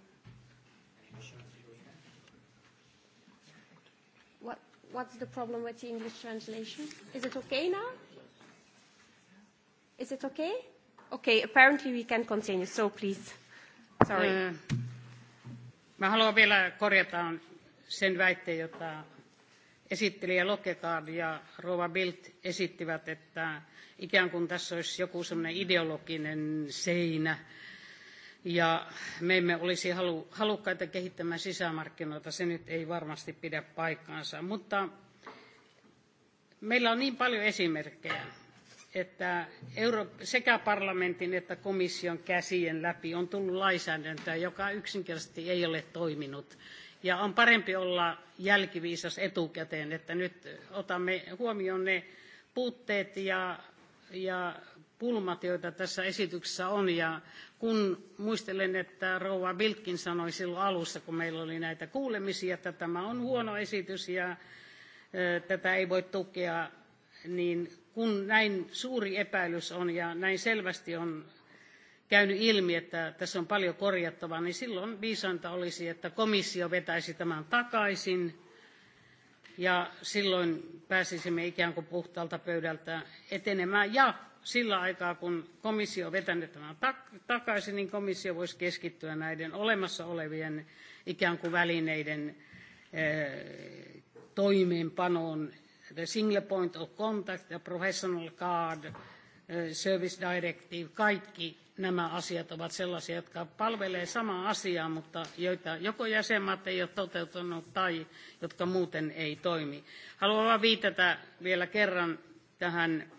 S4: What's the
S3: problem with the English translation? Is it okay now? Is it okay?
S4: Okay, apparently we can continue, so please. Sorry. Mm. Mä haluan vielä korjata sen väitteen, jota esittelijä Lokekaard ja Rova Bildt esittivät, että ikään kuin tässä olisi joku sellainen ideologinen seinä, ja me emme olisi halu, halukkaita kehittämään sisämarkkinoita, se nyt ei varmasti pidä paikkaansa. Mutta meillä on niin paljon esimerkkejä, että Euro- sekä parlamentin että komission käsien läpi on tullut lainsäädäntöä, joka yksinkertaisesti ei ole toiminut. Ja on parempi olla jälkiviisas etukäteen, että nyt otamme huomioon ne puutteet ja, ja pulmat, joita tässä esityksessä on. Ja kun muistelen, että Rouva Biltkin sanoi silloin alussa, kun meillä oli näitä kuulemisia, että tämä on huono esitys ja tätä ei voi tukea, niin kun näin suuri epäilys on ja näin selvästi on käynyt ilmi, että tässä on paljon korjattavaa, niin silloin viisainta olisi, että komissio vetäisi tämän takaisin ja silloin pääsisimme ikään kuin puhtaalta pöydältä etenemään. Ja sillä aikaa, kun komissio on vetänyt tämän takaisin, niin komissio voisi keskittyä näiden olemassa olevien ikään kuin välineiden eh, toimeenpanoon. The single point of contact, the professional card, eh, service directive, kaikki nämä asiat ovat sellaisia, jotka palvelevat samaa asiaa, mutta joita joko jäsenmaat ei ole toteuttanut tai jotka muuten ei toimi. Haluan vain viitata vielä kerran tähän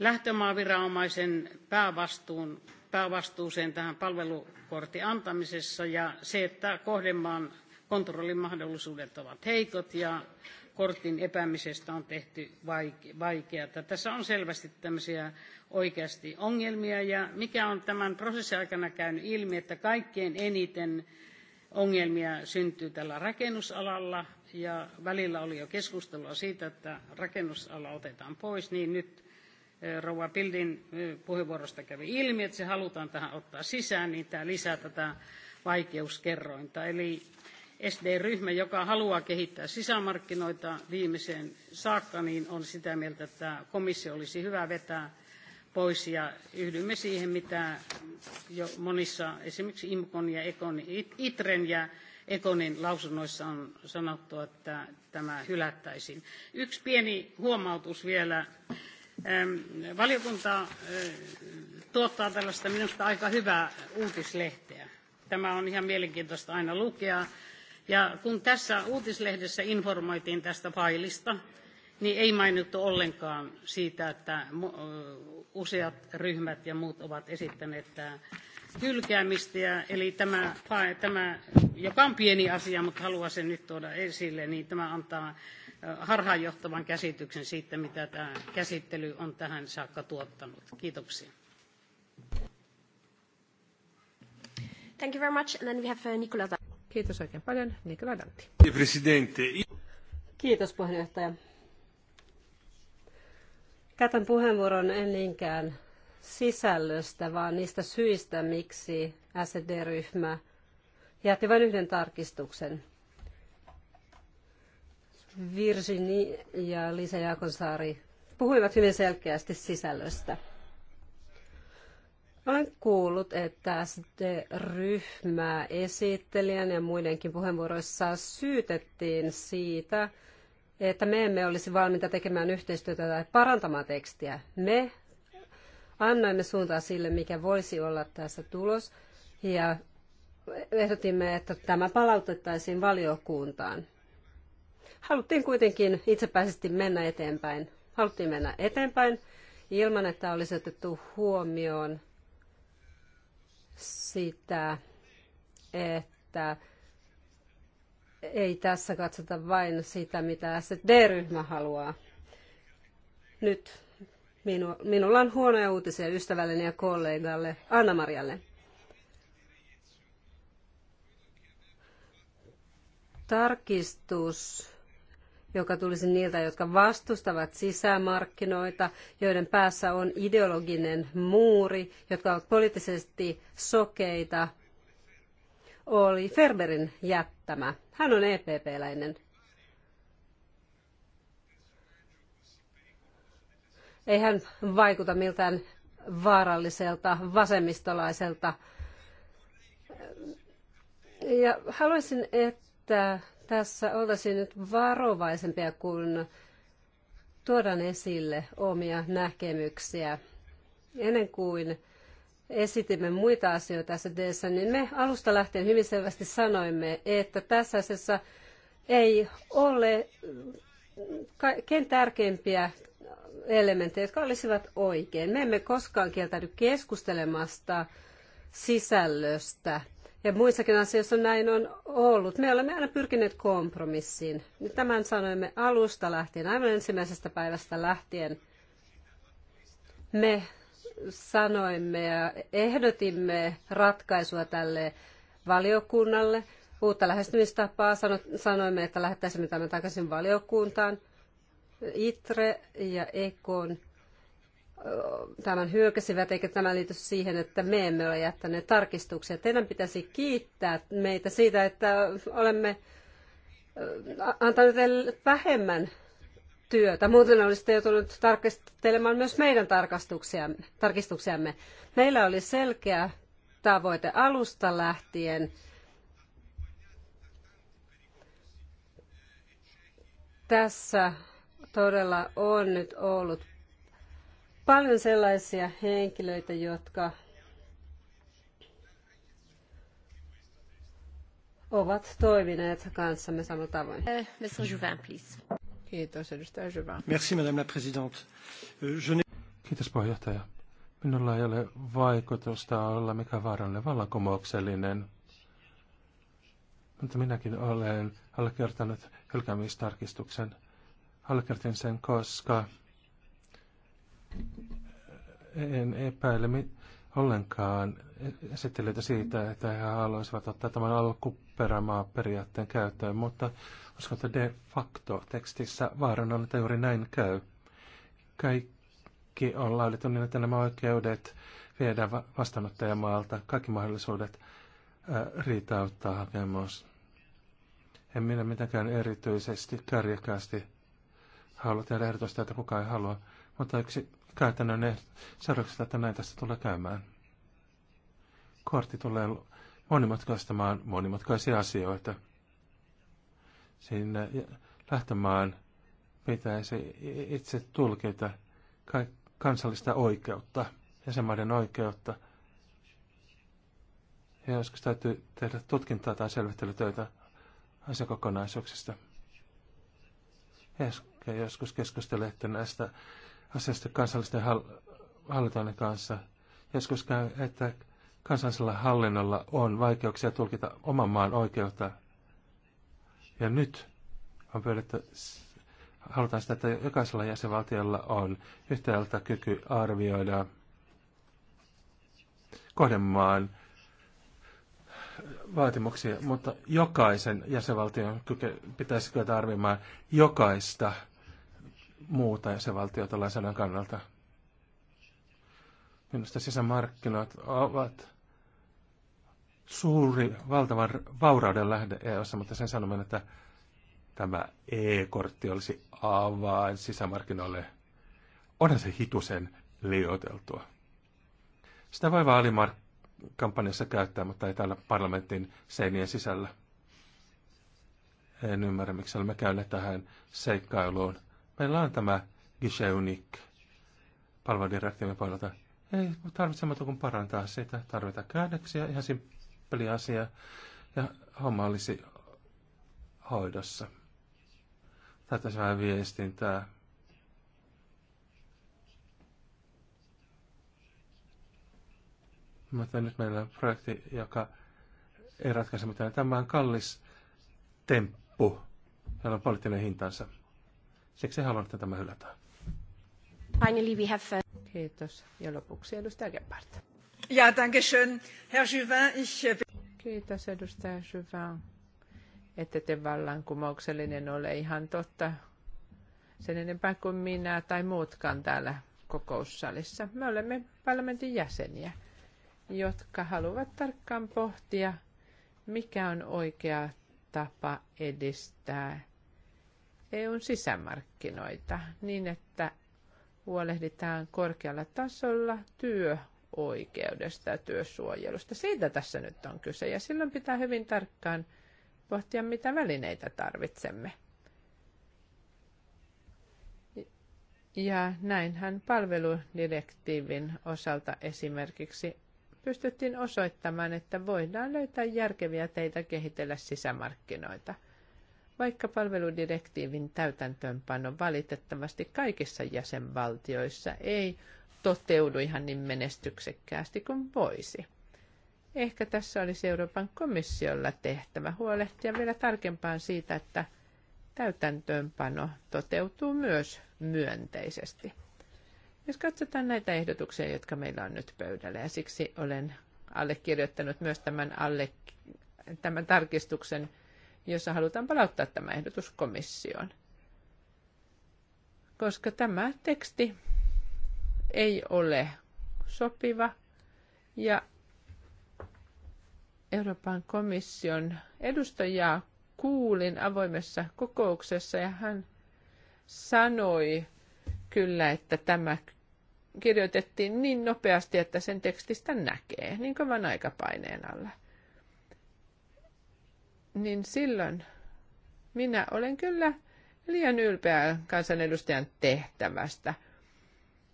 S4: lähtömaaviranomaisen päävastuun, päävastuuseen tähän palvelukortin antamisessa ja se, että kohdemaan kontrollin mahdollisuudet ovat heikot ja kortin epämisestä on tehty vaikeaa. Tässä on selvästi tämmöisiä oikeasti ongelmia ja mikä on tämän prosessin aikana käynyt ilmi, että kaikkein eniten ongelmia syntyy tällä rakennusalalla ja välillä oli jo keskustelua siitä, että rakennusala otetaan pois, niin nyt Eh, rouva Pildin eh, puheenvuorosta kävi ilmi, että se halutaan tähän ottaa sisään, niin tämä lisää tätä vaikeuskerrointa. Eli SD-ryhmä, joka haluaa kehittää sisämarkkinoita viimeiseen saakka, niin on sitä mieltä, että komissio olisi hyvä vetää pois ja yhdymme siihen, mitä jo monissa esimerkiksi IMKON ja Ekon, ITREN ja Ekonin lausunnoissa on sanottu, että tämä hylättäisiin. Yksi pieni huomautus vielä Valiokunta eh, tuottaa tällaista minusta aika hyvää uutislehteä. Tämä on ihan mielenkiintoista aina lukea. Ja kun tässä uutislehdessä informoitiin tästä failista, niin ei mainittu ollenkaan siitä, että useat ryhmät ja muut ovat esittäneet hylkäämistä. Ja, eli tämä, tämä, joka on pieni asia, mutta haluan sen nyt tuoda esille, niin tämä antaa harhaanjohtavan käsityksen siitä, mitä tämä käsittely on tähän saakka tuottanut. Kiitoksia.
S3: Thank you very much. And then we have uh, Nicola Kiitos oikein paljon. Nicola Dantti. Kiitos puheenjohtaja. Käytän puheenvuoron en niinkään sisällöstä, vaan niistä syistä, miksi SD-ryhmä jätti vain yhden tarkistuksen. Virginie ja Lisa Jaakonsaari puhuivat hyvin selkeästi sisällöstä. Olen kuullut, että SD-ryhmää esittelijän ja muidenkin puheenvuoroissa syytettiin siitä, että me emme olisi valmiita tekemään yhteistyötä tai parantamaan tekstiä. Me annoimme suuntaa sille, mikä voisi olla tässä tulos, ja ehdotimme, että tämä palautettaisiin valiokuntaan. Haluttiin kuitenkin itsepäisesti mennä eteenpäin. Haluttiin mennä eteenpäin ilman, että olisi otettu huomioon sitä, että ei tässä katsota vain sitä, mitä d ryhmä haluaa. Nyt minu, minulla on huonoja uutisia ystävälleni ja kollegalle Anna-Marjalle. Tarkistus joka tulisi niiltä, jotka vastustavat sisämarkkinoita, joiden päässä on ideologinen muuri, jotka ovat poliittisesti sokeita, oli Ferberin jättämä. Hän on EPP-läinen. Ei hän vaikuta miltään vaaralliselta, vasemmistolaiselta. Ja haluaisin, että tässä oltaisiin nyt varovaisempia, kun tuodaan esille omia näkemyksiä. Ennen kuin esitimme muita asioita tässä teessä, niin me alusta lähtien hyvin selvästi sanoimme, että tässä asiassa ei ole kaikkein tärkeimpiä elementtejä, jotka olisivat oikein. Me emme koskaan kieltäydy keskustelemasta sisällöstä ja muissakin asioissa näin on ollut. Me olemme aina pyrkineet kompromissiin. Tämän sanoimme alusta lähtien, aivan ensimmäisestä päivästä lähtien. Me sanoimme ja ehdotimme ratkaisua tälle valiokunnalle, uutta lähestymistapaa. Sanoimme, että lähettäisimme tämän takaisin valiokuntaan. ITRE ja EKON tämän hyökäsivät, eikä tämä liity siihen, että me emme ole jättäneet tarkistuksia. Teidän pitäisi kiittää meitä siitä, että olemme antaneet vähemmän työtä. Muuten olisitte joutunut tarkistelemaan myös meidän tarkistuksiamme. Meillä oli selkeä tavoite alusta lähtien. Tässä todella on nyt ollut paljon sellaisia henkilöitä, jotka ovat toimineet kanssamme samalla tavoin. Eh, please. Kiitos, edustaja Juvain.
S2: Merci, madame la présidente. Euh, je Kiitos, puheenjohtaja. Minulla ei ole vaikutusta olla mikä vaarallinen vallankumouksellinen, mutta minäkin olen allekirjoittanut hylkäämistarkistuksen. Allekirjoitin sen, koska en epäile ollenkaan esittelyitä siitä, että he haluaisivat ottaa tämän alkuperämaa periaatteen käyttöön, mutta uskon, että de facto tekstissä vaarana on, että juuri näin käy. Kaikki on laadittu niin, että nämä oikeudet viedään vastaanottajamaalta, kaikki mahdollisuudet riitauttaa hakemus. En minä mitenkään erityisesti kärjekästi halua tehdä ehdotusta, että kukaan ei halua, mutta yksi käytännön seurauksena, että näin tästä tulee käymään. Kortti tulee monimutkaistamaan monimutkaisia asioita. Sinne lähtemään pitäisi itse tulkita kansallista oikeutta, jäsenmaiden oikeutta. Ja joskus täytyy tehdä tutkintaa tai selvittelytöitä asiakokonaisuuksista. Ja joskus keskustelette näistä asiasta kansallisten hall- hallintojen kanssa. Joskus käy, että kansallisella hallinnolla on vaikeuksia tulkita oman maan oikeutta. Ja nyt on pyydetty, halutaan sitä, että jokaisella jäsenvaltiolla on yhtäältä kyky arvioida kohdemaan vaatimuksia, mutta jokaisen jäsenvaltion kyky, pitäisi kyetä arvioimaan jokaista muuta ja jäsenvaltiota lainsäädännön kannalta. Minusta sisämarkkinat ovat suuri, valtavan vaurauden lähde EU:ssa, mutta sen sanominen, että tämä E-kortti olisi avain sisämarkkinoille, onhan se hitusen liioiteltua. Sitä voi vaalimarkkampanjassa käyttää, mutta ei täällä parlamentin seinien sisällä. En ymmärrä, miksi olemme käyneet tähän seikkailuun Meillä on tämä Gisheunik palveludirektiivin pohjalta. Ei tarvitse muuta kuin parantaa sitä. Tarvitaan käännöksiä, ihan simppeli asia. Ja homma olisi hoidossa. se vähän viestintää. Mutta nyt meillä on projekti, joka ei ratkaise mitään. Tämä on kallis temppu, jolla on poliittinen hintansa. Siksi haluan, että tämä hylätään.
S1: Finally we have... Uh, Kiitos. Ja lopuksi edustaja Gebhardt. Ja, danke schön. Herr Juvin, ich... Äh, Kiitos edustaja Juvin. Ette te vallankumouksellinen ole ihan totta sen enempää kuin minä tai muutkaan täällä kokoussalissa. Me olemme parlamentin jäseniä, jotka haluavat tarkkaan pohtia, mikä on oikea tapa edistää EUn sisämarkkinoita niin, että huolehditaan korkealla tasolla työoikeudesta ja työsuojelusta. Siitä tässä nyt on kyse ja silloin pitää hyvin tarkkaan pohtia, mitä välineitä tarvitsemme. Ja näinhän palveludirektiivin osalta esimerkiksi pystyttiin osoittamaan, että voidaan löytää järkeviä teitä kehitellä sisämarkkinoita – vaikka palveludirektiivin täytäntöönpano valitettavasti kaikissa jäsenvaltioissa ei toteudu ihan niin menestyksekkäästi kuin voisi. Ehkä tässä olisi Euroopan komissiolla tehtävä huolehtia vielä tarkempaan siitä, että täytäntöönpano toteutuu myös myönteisesti. Jos katsotaan näitä ehdotuksia, jotka meillä on nyt pöydällä, ja siksi olen allekirjoittanut myös tämän, alle, tämän tarkistuksen jossa halutaan palauttaa tämä ehdotus komissioon. Koska tämä teksti ei ole sopiva ja Euroopan komission edustajaa kuulin avoimessa kokouksessa ja hän sanoi kyllä, että tämä kirjoitettiin niin nopeasti, että sen tekstistä näkee, niin kovan aikapaineen alla niin silloin minä olen kyllä liian ylpeä kansanedustajan tehtävästä,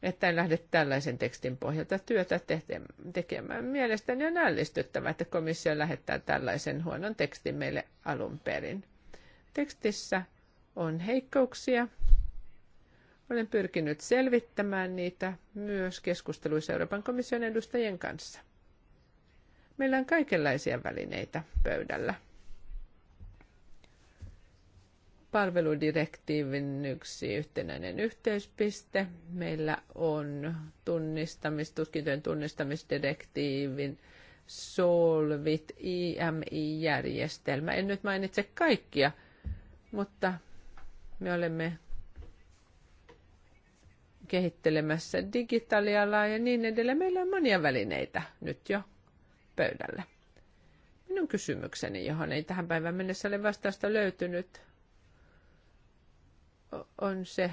S1: että en lähde tällaisen tekstin pohjalta työtä tekemään. Mielestäni on ällistyttävä, että komissio lähettää tällaisen huonon tekstin meille alun perin. Tekstissä on heikkouksia. Olen pyrkinyt selvittämään niitä myös keskusteluissa Euroopan komission edustajien kanssa. Meillä on kaikenlaisia välineitä pöydällä palveludirektiivin yksi yhtenäinen yhteyspiste. Meillä on tunnistamis, tutkintojen tunnistamisdirektiivin Solvit IMI-järjestelmä. En nyt mainitse kaikkia, mutta me olemme kehittelemässä digitaalialaa ja niin edelleen. Meillä on monia välineitä nyt jo pöydällä. Minun kysymykseni, johon ei tähän päivään mennessä ole vastausta löytynyt, on se,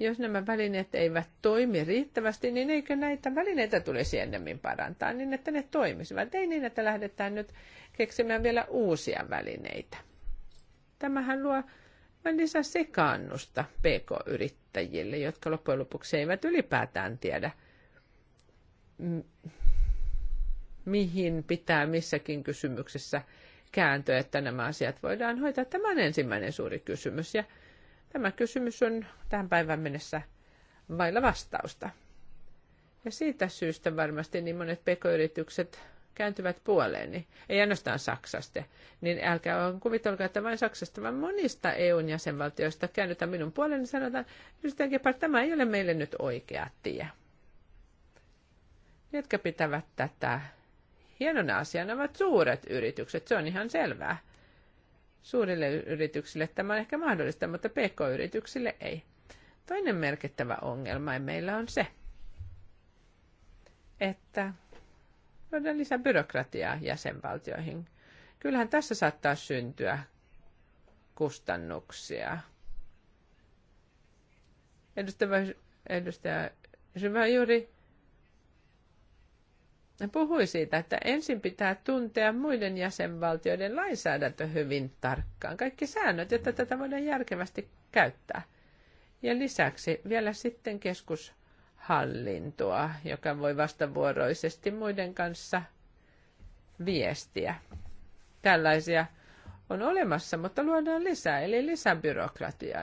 S1: jos nämä välineet eivät toimi riittävästi, niin eikö näitä välineitä tulisi ennemmin parantaa niin, että ne toimisivat? Ei niin, että lähdetään nyt keksimään vielä uusia välineitä. Tämähän luo lisää sekaannusta pk-yrittäjille, jotka loppujen lopuksi eivät ylipäätään tiedä, mihin pitää missäkin kysymyksessä – kääntö, että nämä asiat voidaan hoitaa. Tämä on ensimmäinen suuri kysymys ja tämä kysymys on tähän päivän mennessä vailla vastausta. Ja siitä syystä varmasti niin monet pekoyritykset kääntyvät puoleeni, niin ei ainoastaan Saksasta, niin älkää on kuvitelkaa, että vain Saksasta, vaan monista EUn jäsenvaltioista käännytään minun puoleeni niin sanotaan, että tämä ei ole meille nyt oikea tie. Ne, jotka pitävät tätä hienona asiana ovat suuret yritykset, se on ihan selvää. Suurille yrityksille tämä on ehkä mahdollista, mutta pk-yrityksille ei. Toinen merkittävä ongelma meillä on se, että luodaan lisää byrokratiaa jäsenvaltioihin. Kyllähän tässä saattaa syntyä kustannuksia. Edustaja, edustaja Syvä juuri puhui siitä, että ensin pitää tuntea muiden jäsenvaltioiden lainsäädäntö hyvin tarkkaan, kaikki säännöt, että tätä voidaan järkevästi käyttää. Ja lisäksi vielä sitten keskushallintoa, joka voi vastavuoroisesti muiden kanssa viestiä. Tällaisia on olemassa, mutta luodaan lisää, eli lisää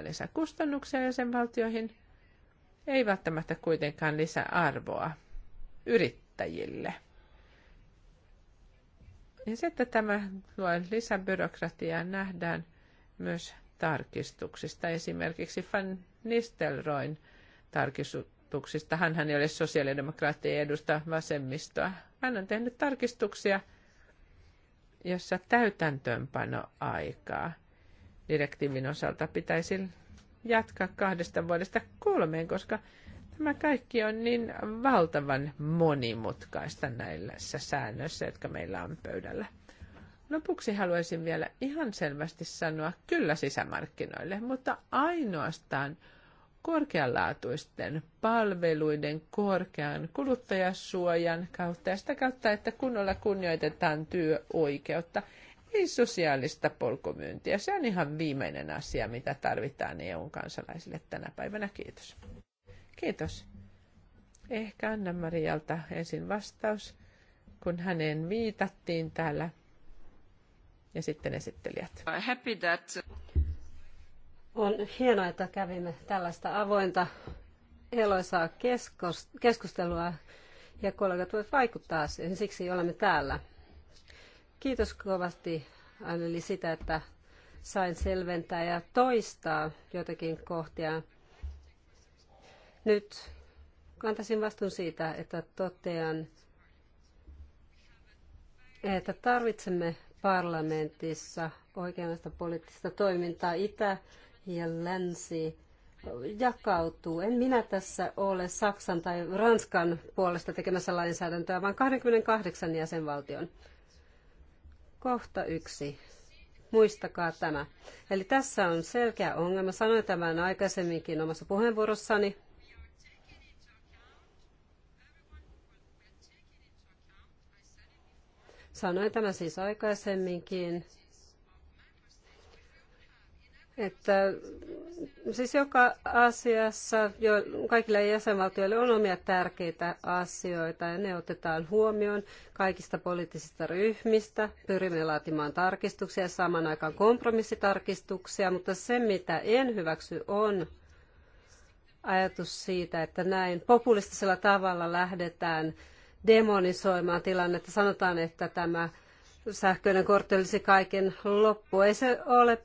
S1: lisää kustannuksia jäsenvaltioihin, ei välttämättä kuitenkaan lisää arvoa. yrittää yrittäjille. Ja sitten tämä luo lisäbyrokratia nähdään myös tarkistuksista. Esimerkiksi Van Nistelroin tarkistuksista. hän ei ole sosiaalidemokraattien edusta vasemmistoa. Hän on tehnyt tarkistuksia, jossa täytäntöönpanoaikaa direktiivin osalta pitäisi jatkaa kahdesta vuodesta kolmeen, koska Tämä kaikki on niin valtavan monimutkaista näissä säännöissä, jotka meillä on pöydällä. Lopuksi haluaisin vielä ihan selvästi sanoa kyllä sisämarkkinoille, mutta ainoastaan korkeanlaatuisten palveluiden korkean kuluttajasuojan kautta ja sitä kautta, että kunnolla kunnioitetaan työoikeutta, ei sosiaalista polkumyyntiä. Se on ihan viimeinen asia, mitä tarvitaan eu kansalaisille tänä päivänä. Kiitos. Kiitos. Ehkä Anna-Marialta ensin vastaus, kun häneen viitattiin täällä. Ja sitten esittelijät.
S3: Happy that... On hienoa, että kävimme tällaista avointa eloisaa keskustelua ja kollegat voivat vaikuttaa siihen, siksi olemme täällä. Kiitos kovasti Anneli sitä, että sain selventää ja toistaa jotakin kohtia, nyt kantaisin vastuun siitä, että totean, että tarvitsemme parlamentissa oikeanlaista poliittista toimintaa. Itä ja länsi jakautuu. En minä tässä ole Saksan tai Ranskan puolesta tekemässä lainsäädäntöä, vaan 28 jäsenvaltion. Kohta yksi. Muistakaa tämä. Eli tässä on selkeä ongelma. Sanoin tämän aikaisemminkin omassa puheenvuorossani, Sanoin tämän siis aikaisemminkin, että siis joka asiassa jo kaikille jäsenvaltioille on omia tärkeitä asioita ja ne otetaan huomioon kaikista poliittisista ryhmistä. Pyrimme laatimaan tarkistuksia ja saman aikaan kompromissitarkistuksia, mutta se mitä en hyväksy on ajatus siitä, että näin populistisella tavalla lähdetään demonisoimaan tilannetta. Sanotaan, että tämä sähköinen kortti olisi kaiken loppu. Ei se ole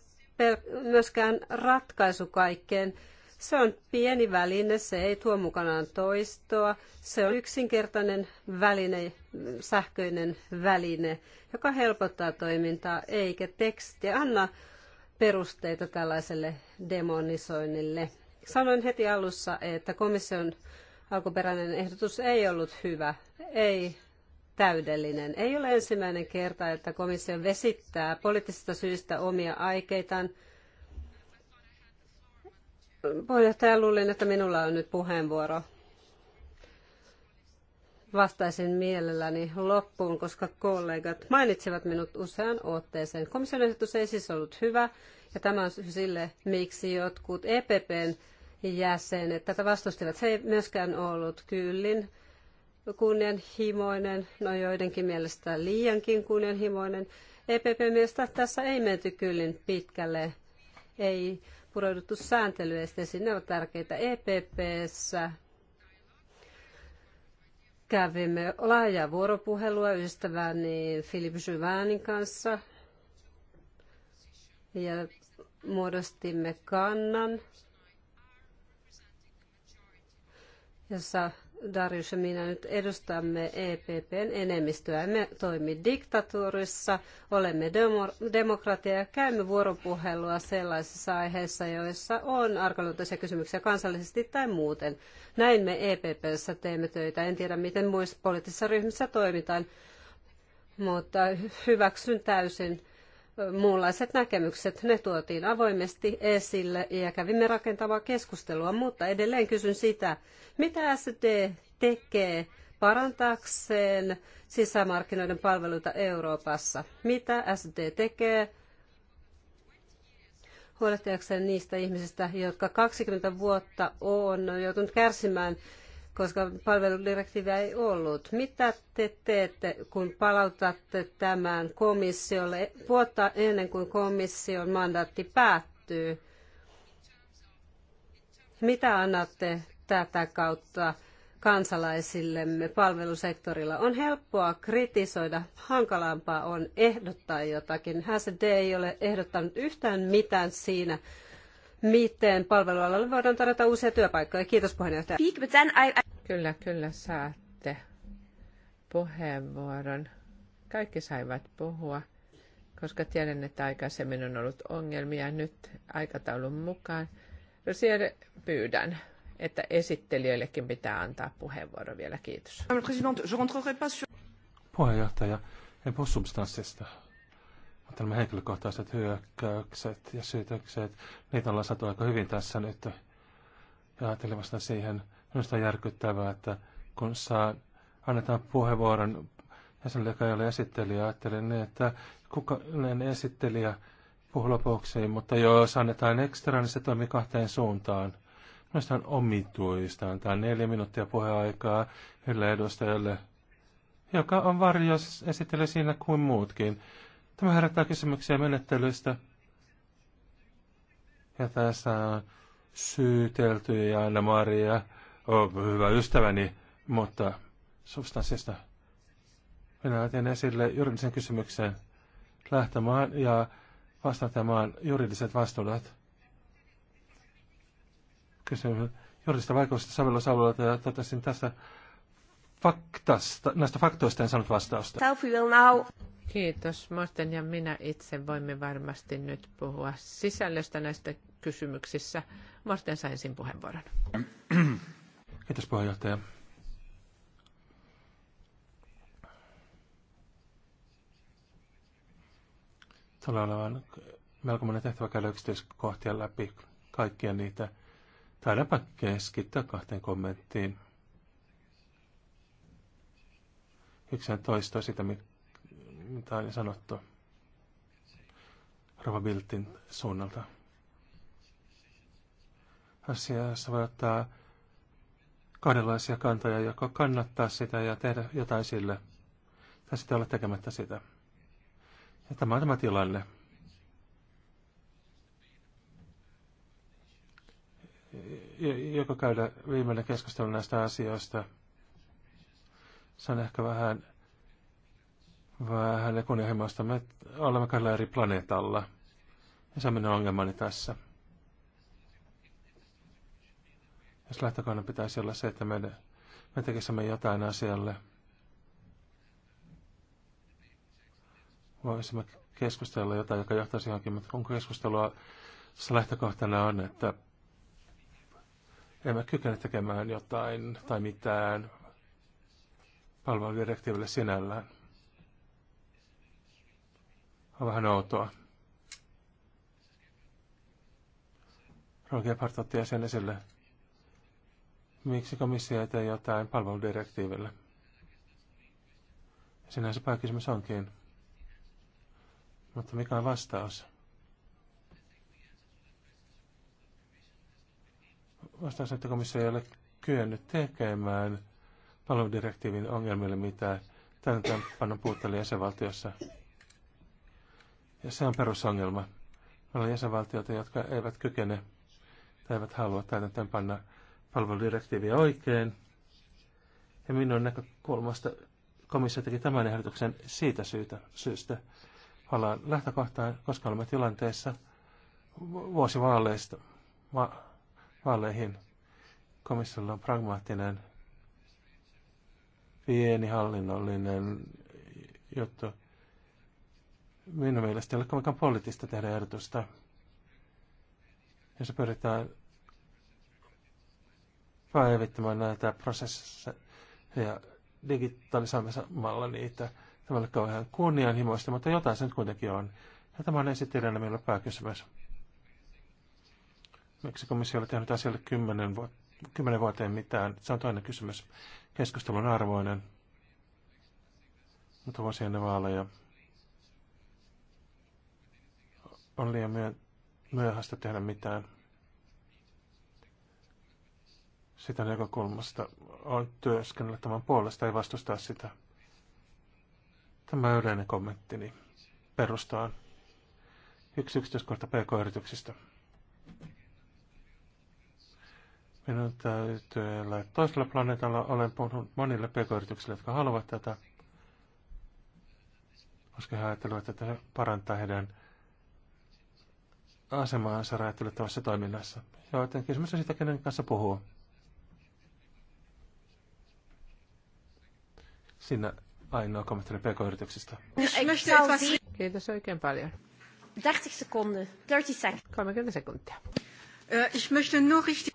S3: myöskään ratkaisu kaikkeen. Se on pieni väline, se ei tuo mukanaan toistoa. Se on yksinkertainen väline, sähköinen väline, joka helpottaa toimintaa, eikä teksti anna perusteita tällaiselle demonisoinnille. Sanoin heti alussa, että komission alkuperäinen ehdotus ei ollut hyvä, ei täydellinen. Ei ole ensimmäinen kerta, että komissio vesittää poliittisista syistä omia aikeitaan. Puheenjohtaja, luulin, että minulla on nyt puheenvuoro. Vastaisin mielelläni loppuun, koska kollegat mainitsivat minut usean otteeseen. Komission ehdotus ei siis ollut hyvä, ja tämä on sille, miksi jotkut EPPn jäsenet tätä vastustivat. Se ei myöskään ollut kyllin kunnianhimoinen, no joidenkin mielestä liiankin kunnianhimoinen. EPP mielestä tässä ei menty kyllin pitkälle, ei pureuduttu sääntelyesteisiin, ne ovat tärkeitä EPPssä. Kävimme laajaa vuoropuhelua ystäväni Philip Juvanin kanssa ja muodostimme kannan jossa Darius ja minä nyt edustamme EPPn enemmistöä. me toimi diktatuurissa, olemme demo- demokratia ja käymme vuoropuhelua sellaisissa aiheissa, joissa on arkaluontoisia kysymyksiä kansallisesti tai muuten. Näin me EPPssä teemme töitä. En tiedä, miten muissa poliittisissa ryhmissä toimitaan, mutta hyväksyn täysin muunlaiset näkemykset, ne tuotiin avoimesti esille ja kävimme rakentavaa keskustelua, mutta edelleen kysyn sitä, mitä SD tekee parantaakseen sisämarkkinoiden palveluita Euroopassa? Mitä SD tekee huolehtiakseen niistä ihmisistä, jotka 20 vuotta on joutunut kärsimään koska palveludirektiiviä ei ollut. Mitä te teette, kun palautatte tämän komissiolle vuotta ennen kuin komission mandaatti päättyy? Mitä annatte tätä kautta kansalaisillemme palvelusektorilla? On helppoa kritisoida, hankalampaa on ehdottaa jotakin. HSD ei ole ehdottanut yhtään mitään siinä, miten palvelualalle voidaan tarjota uusia työpaikkoja. Kiitos puheenjohtaja. Kyllä, kyllä saatte
S1: puheenvuoron. Kaikki saivat puhua, koska tiedän, että aikaisemmin on ollut ongelmia nyt aikataulun mukaan. Siellä pyydän että esittelijöillekin pitää antaa puheenvuoro vielä. Kiitos.
S2: Puheenjohtaja, en puhu substanssista. Mutta henkilökohtaiset hyökkäykset ja syytökset, niitä ollaan saatu aika hyvin tässä nyt. Ja ajattelin vasta siihen, minusta on järkyttävää, että kun saa, annetaan puheenvuoron jäsenelle, joka ei ole esittelijä, ajattelin niin, että kuka esittelijä puhuu lopuksi, mutta jos annetaan ekstra, niin se toimii kahteen suuntaan. Minusta on omituista antaa neljä minuuttia puheaikaa yhdelle edustajalle, joka on varjo esittelee siinä kuin muutkin. Tämä herättää kysymyksiä menettelyistä. Ja tässä on syytelty ja Anna-Maria on hyvä ystäväni, mutta substanssista minä otin esille juridisen kysymyksen lähtemään ja vastatamaan juridiset vastuudet. Kysymys juridista vaikutusta sovellusalueelta ja totesin tässä faktasta, näistä faktoista en saanut vastausta.
S1: Kiitos. Morten ja minä itse voimme varmasti nyt puhua sisällöstä näistä kysymyksissä. Morten sai ensin puheenvuoron.
S2: Kiitos puheenjohtaja. Tulee olevan melko monen tehtävä käydä yksityiskohtia läpi kaikkia niitä. Taidaanpa keskittää kahteen kommenttiin. Yksi on toistoa sitä, mitä mitä on sanottu Rova Biltin suunnalta. Asiassa voi ottaa kahdenlaisia kantoja, joko kannattaa sitä ja tehdä jotain sille, tai sitten olla tekemättä sitä. Ja tämä on tämä tilanne. Joko käydä viimeinen keskustelu näistä asioista. Se on ehkä vähän vähän kunnianhimoista. Me olemme kahdella eri planeetalla. Ja se on ongelmani tässä. Jos lähtökohdan pitäisi olla se, että me, me tekisimme jotain asialle, voisimme keskustella jotain, joka johtaisi johonkin, mutta onko keskustelua, se lähtökohtana on, että emme kykene tekemään jotain tai mitään palveludirektiiville sinällään on vähän outoa. Roger Part otti sen esille. Miksi komissio ei tee jotain palveludirektiiville? Sinänsä pääkysymys onkin. Mutta mikä on vastaus? Vastaus, että komissio ei ole kyennyt tekemään palveludirektiivin ongelmille mitään. Tämän, tämän pannon jäsenvaltiossa. Ja se on perusongelma. Meillä on jäsenvaltioita, jotka eivät kykene tai eivät halua täytäntöön panna palveludirektiiviä oikein. Ja minun näkökulmasta komissio teki tämän ehdotuksen siitä syytä, syystä. Ollaan lähtökohtaan, koska olemme tilanteessa vuosivaaleista va- vaaleihin. Komissiolla on pragmaattinen, pieni hallinnollinen juttu minun mielestä, ei ole kovinkaan poliittista tehdä ehdotusta, jos pyritään päivittämään näitä prosesseja digitalisoimalla niitä. Tämä on kauhean kunnianhimoista, mutta jotain se nyt kuitenkin on. Ja tämä on esittelijänä meillä pääkysymys. Miksi komissio oli tehnyt asialle kymmenen vuot kymmenen vuoteen mitään. Se on toinen kysymys. Keskustelun arvoinen. Mutta vuosi ennen vaaleja on liian myö- myöhäistä tehdä mitään. Sitä näkökulmasta on työskennellä tämän puolesta, ei vastustaa sitä. Tämä yleinen niin perustaan yksi yksityiskohta pk-yrityksistä. Minun täytyy olla toisella planeetalla. Olen puhunut monille pk-yrityksille, jotka haluavat tätä, koska he ajattelevat, että se parantaa heidän asemaansa räätälöittävässä toiminnassa. Joten kysymys on sitä, kenen kanssa puhuu. Sinä ainoa kommentti pk-yrityksistä.
S1: Kiitos oikein
S3: paljon. 30 sekuntia. 30 sekuntia. Ich möchte nur richtig...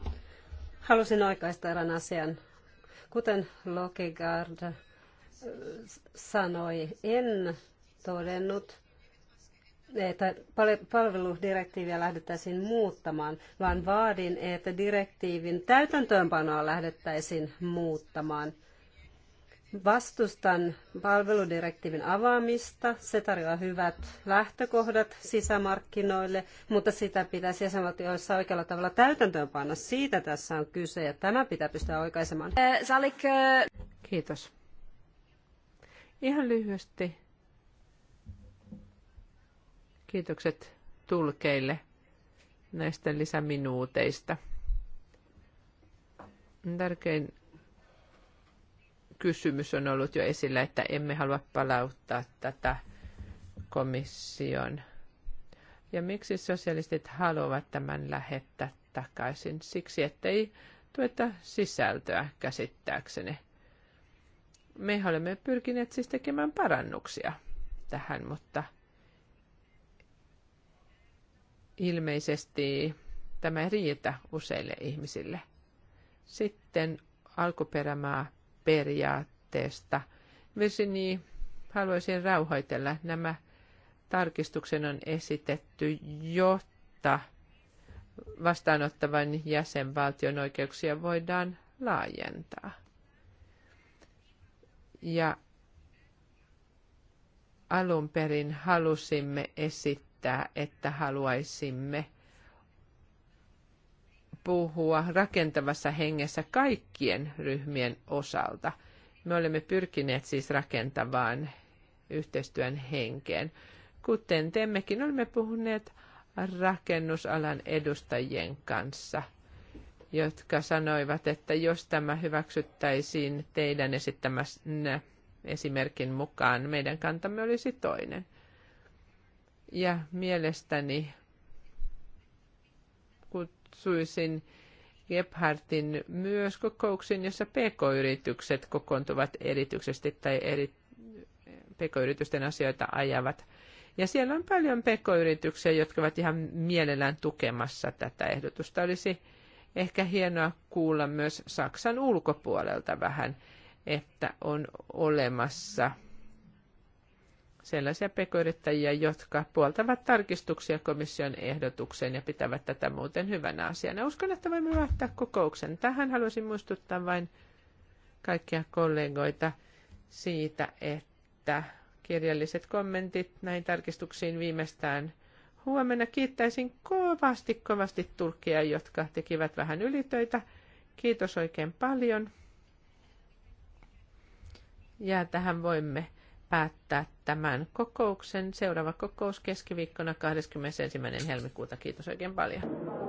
S3: Halusin oikaista erään asian. Kuten Lokigard sanoi, en todennut, että palveludirektiiviä lähdettäisiin muuttamaan, vaan vaadin, että direktiivin täytäntöönpanoa lähdettäisiin muuttamaan. Vastustan palveludirektiivin avaamista. Se tarjoaa hyvät lähtökohdat sisämarkkinoille, mutta sitä pitäisi jäsenvaltioissa oikealla tavalla täytäntöönpanna. Siitä tässä on kyse ja tämä pitää pystyä oikaisemaan. Eh, eh. Kiitos. Ihan
S1: lyhyesti Kiitokset tulkeille näistä lisäminuuteista. Tärkein kysymys on ollut jo esillä, että emme halua palauttaa tätä komission. Ja miksi sosialistit haluavat tämän lähettää takaisin? Siksi, ettei tuota sisältöä käsittääkseni. Me olemme pyrkineet siis tekemään parannuksia tähän, mutta – ilmeisesti tämä ei riitä useille ihmisille. Sitten alkuperämaa periaatteesta. Vesini haluaisin rauhoitella. Nämä tarkistuksen on esitetty, jotta vastaanottavan jäsenvaltion oikeuksia voidaan laajentaa. Ja alun perin halusimme esittää, esittää, että haluaisimme puhua rakentavassa hengessä kaikkien ryhmien osalta. Me olemme pyrkineet siis rakentavaan yhteistyön henkeen. Kuten teemmekin, olemme puhuneet rakennusalan edustajien kanssa, jotka sanoivat, että jos tämä hyväksyttäisiin teidän esittämänne esimerkin mukaan, meidän kantamme olisi toinen. Ja mielestäni kutsuisin Gebhardin myös kokouksiin, jossa pk-yritykset kokoontuvat erityisesti tai eri, pk-yritysten asioita ajavat. Ja siellä on paljon pk-yrityksiä, jotka ovat ihan mielellään tukemassa tätä ehdotusta. Olisi ehkä hienoa kuulla myös Saksan ulkopuolelta vähän, että on olemassa – sellaisia pekoyrittäjiä, jotka puoltavat tarkistuksia komission ehdotukseen ja pitävät tätä muuten hyvänä asiana. Uskon, että voimme vaihtaa kokouksen. Tähän haluaisin muistuttaa vain kaikkia kollegoita siitä, että kirjalliset kommentit näihin tarkistuksiin viimeistään huomenna. Kiittäisin kovasti, kovasti tulkkia, jotka tekivät vähän ylitöitä. Kiitos oikein paljon. Ja tähän voimme päättää tämän kokouksen. Seuraava kokous keskiviikkona 21. helmikuuta. Kiitos oikein paljon.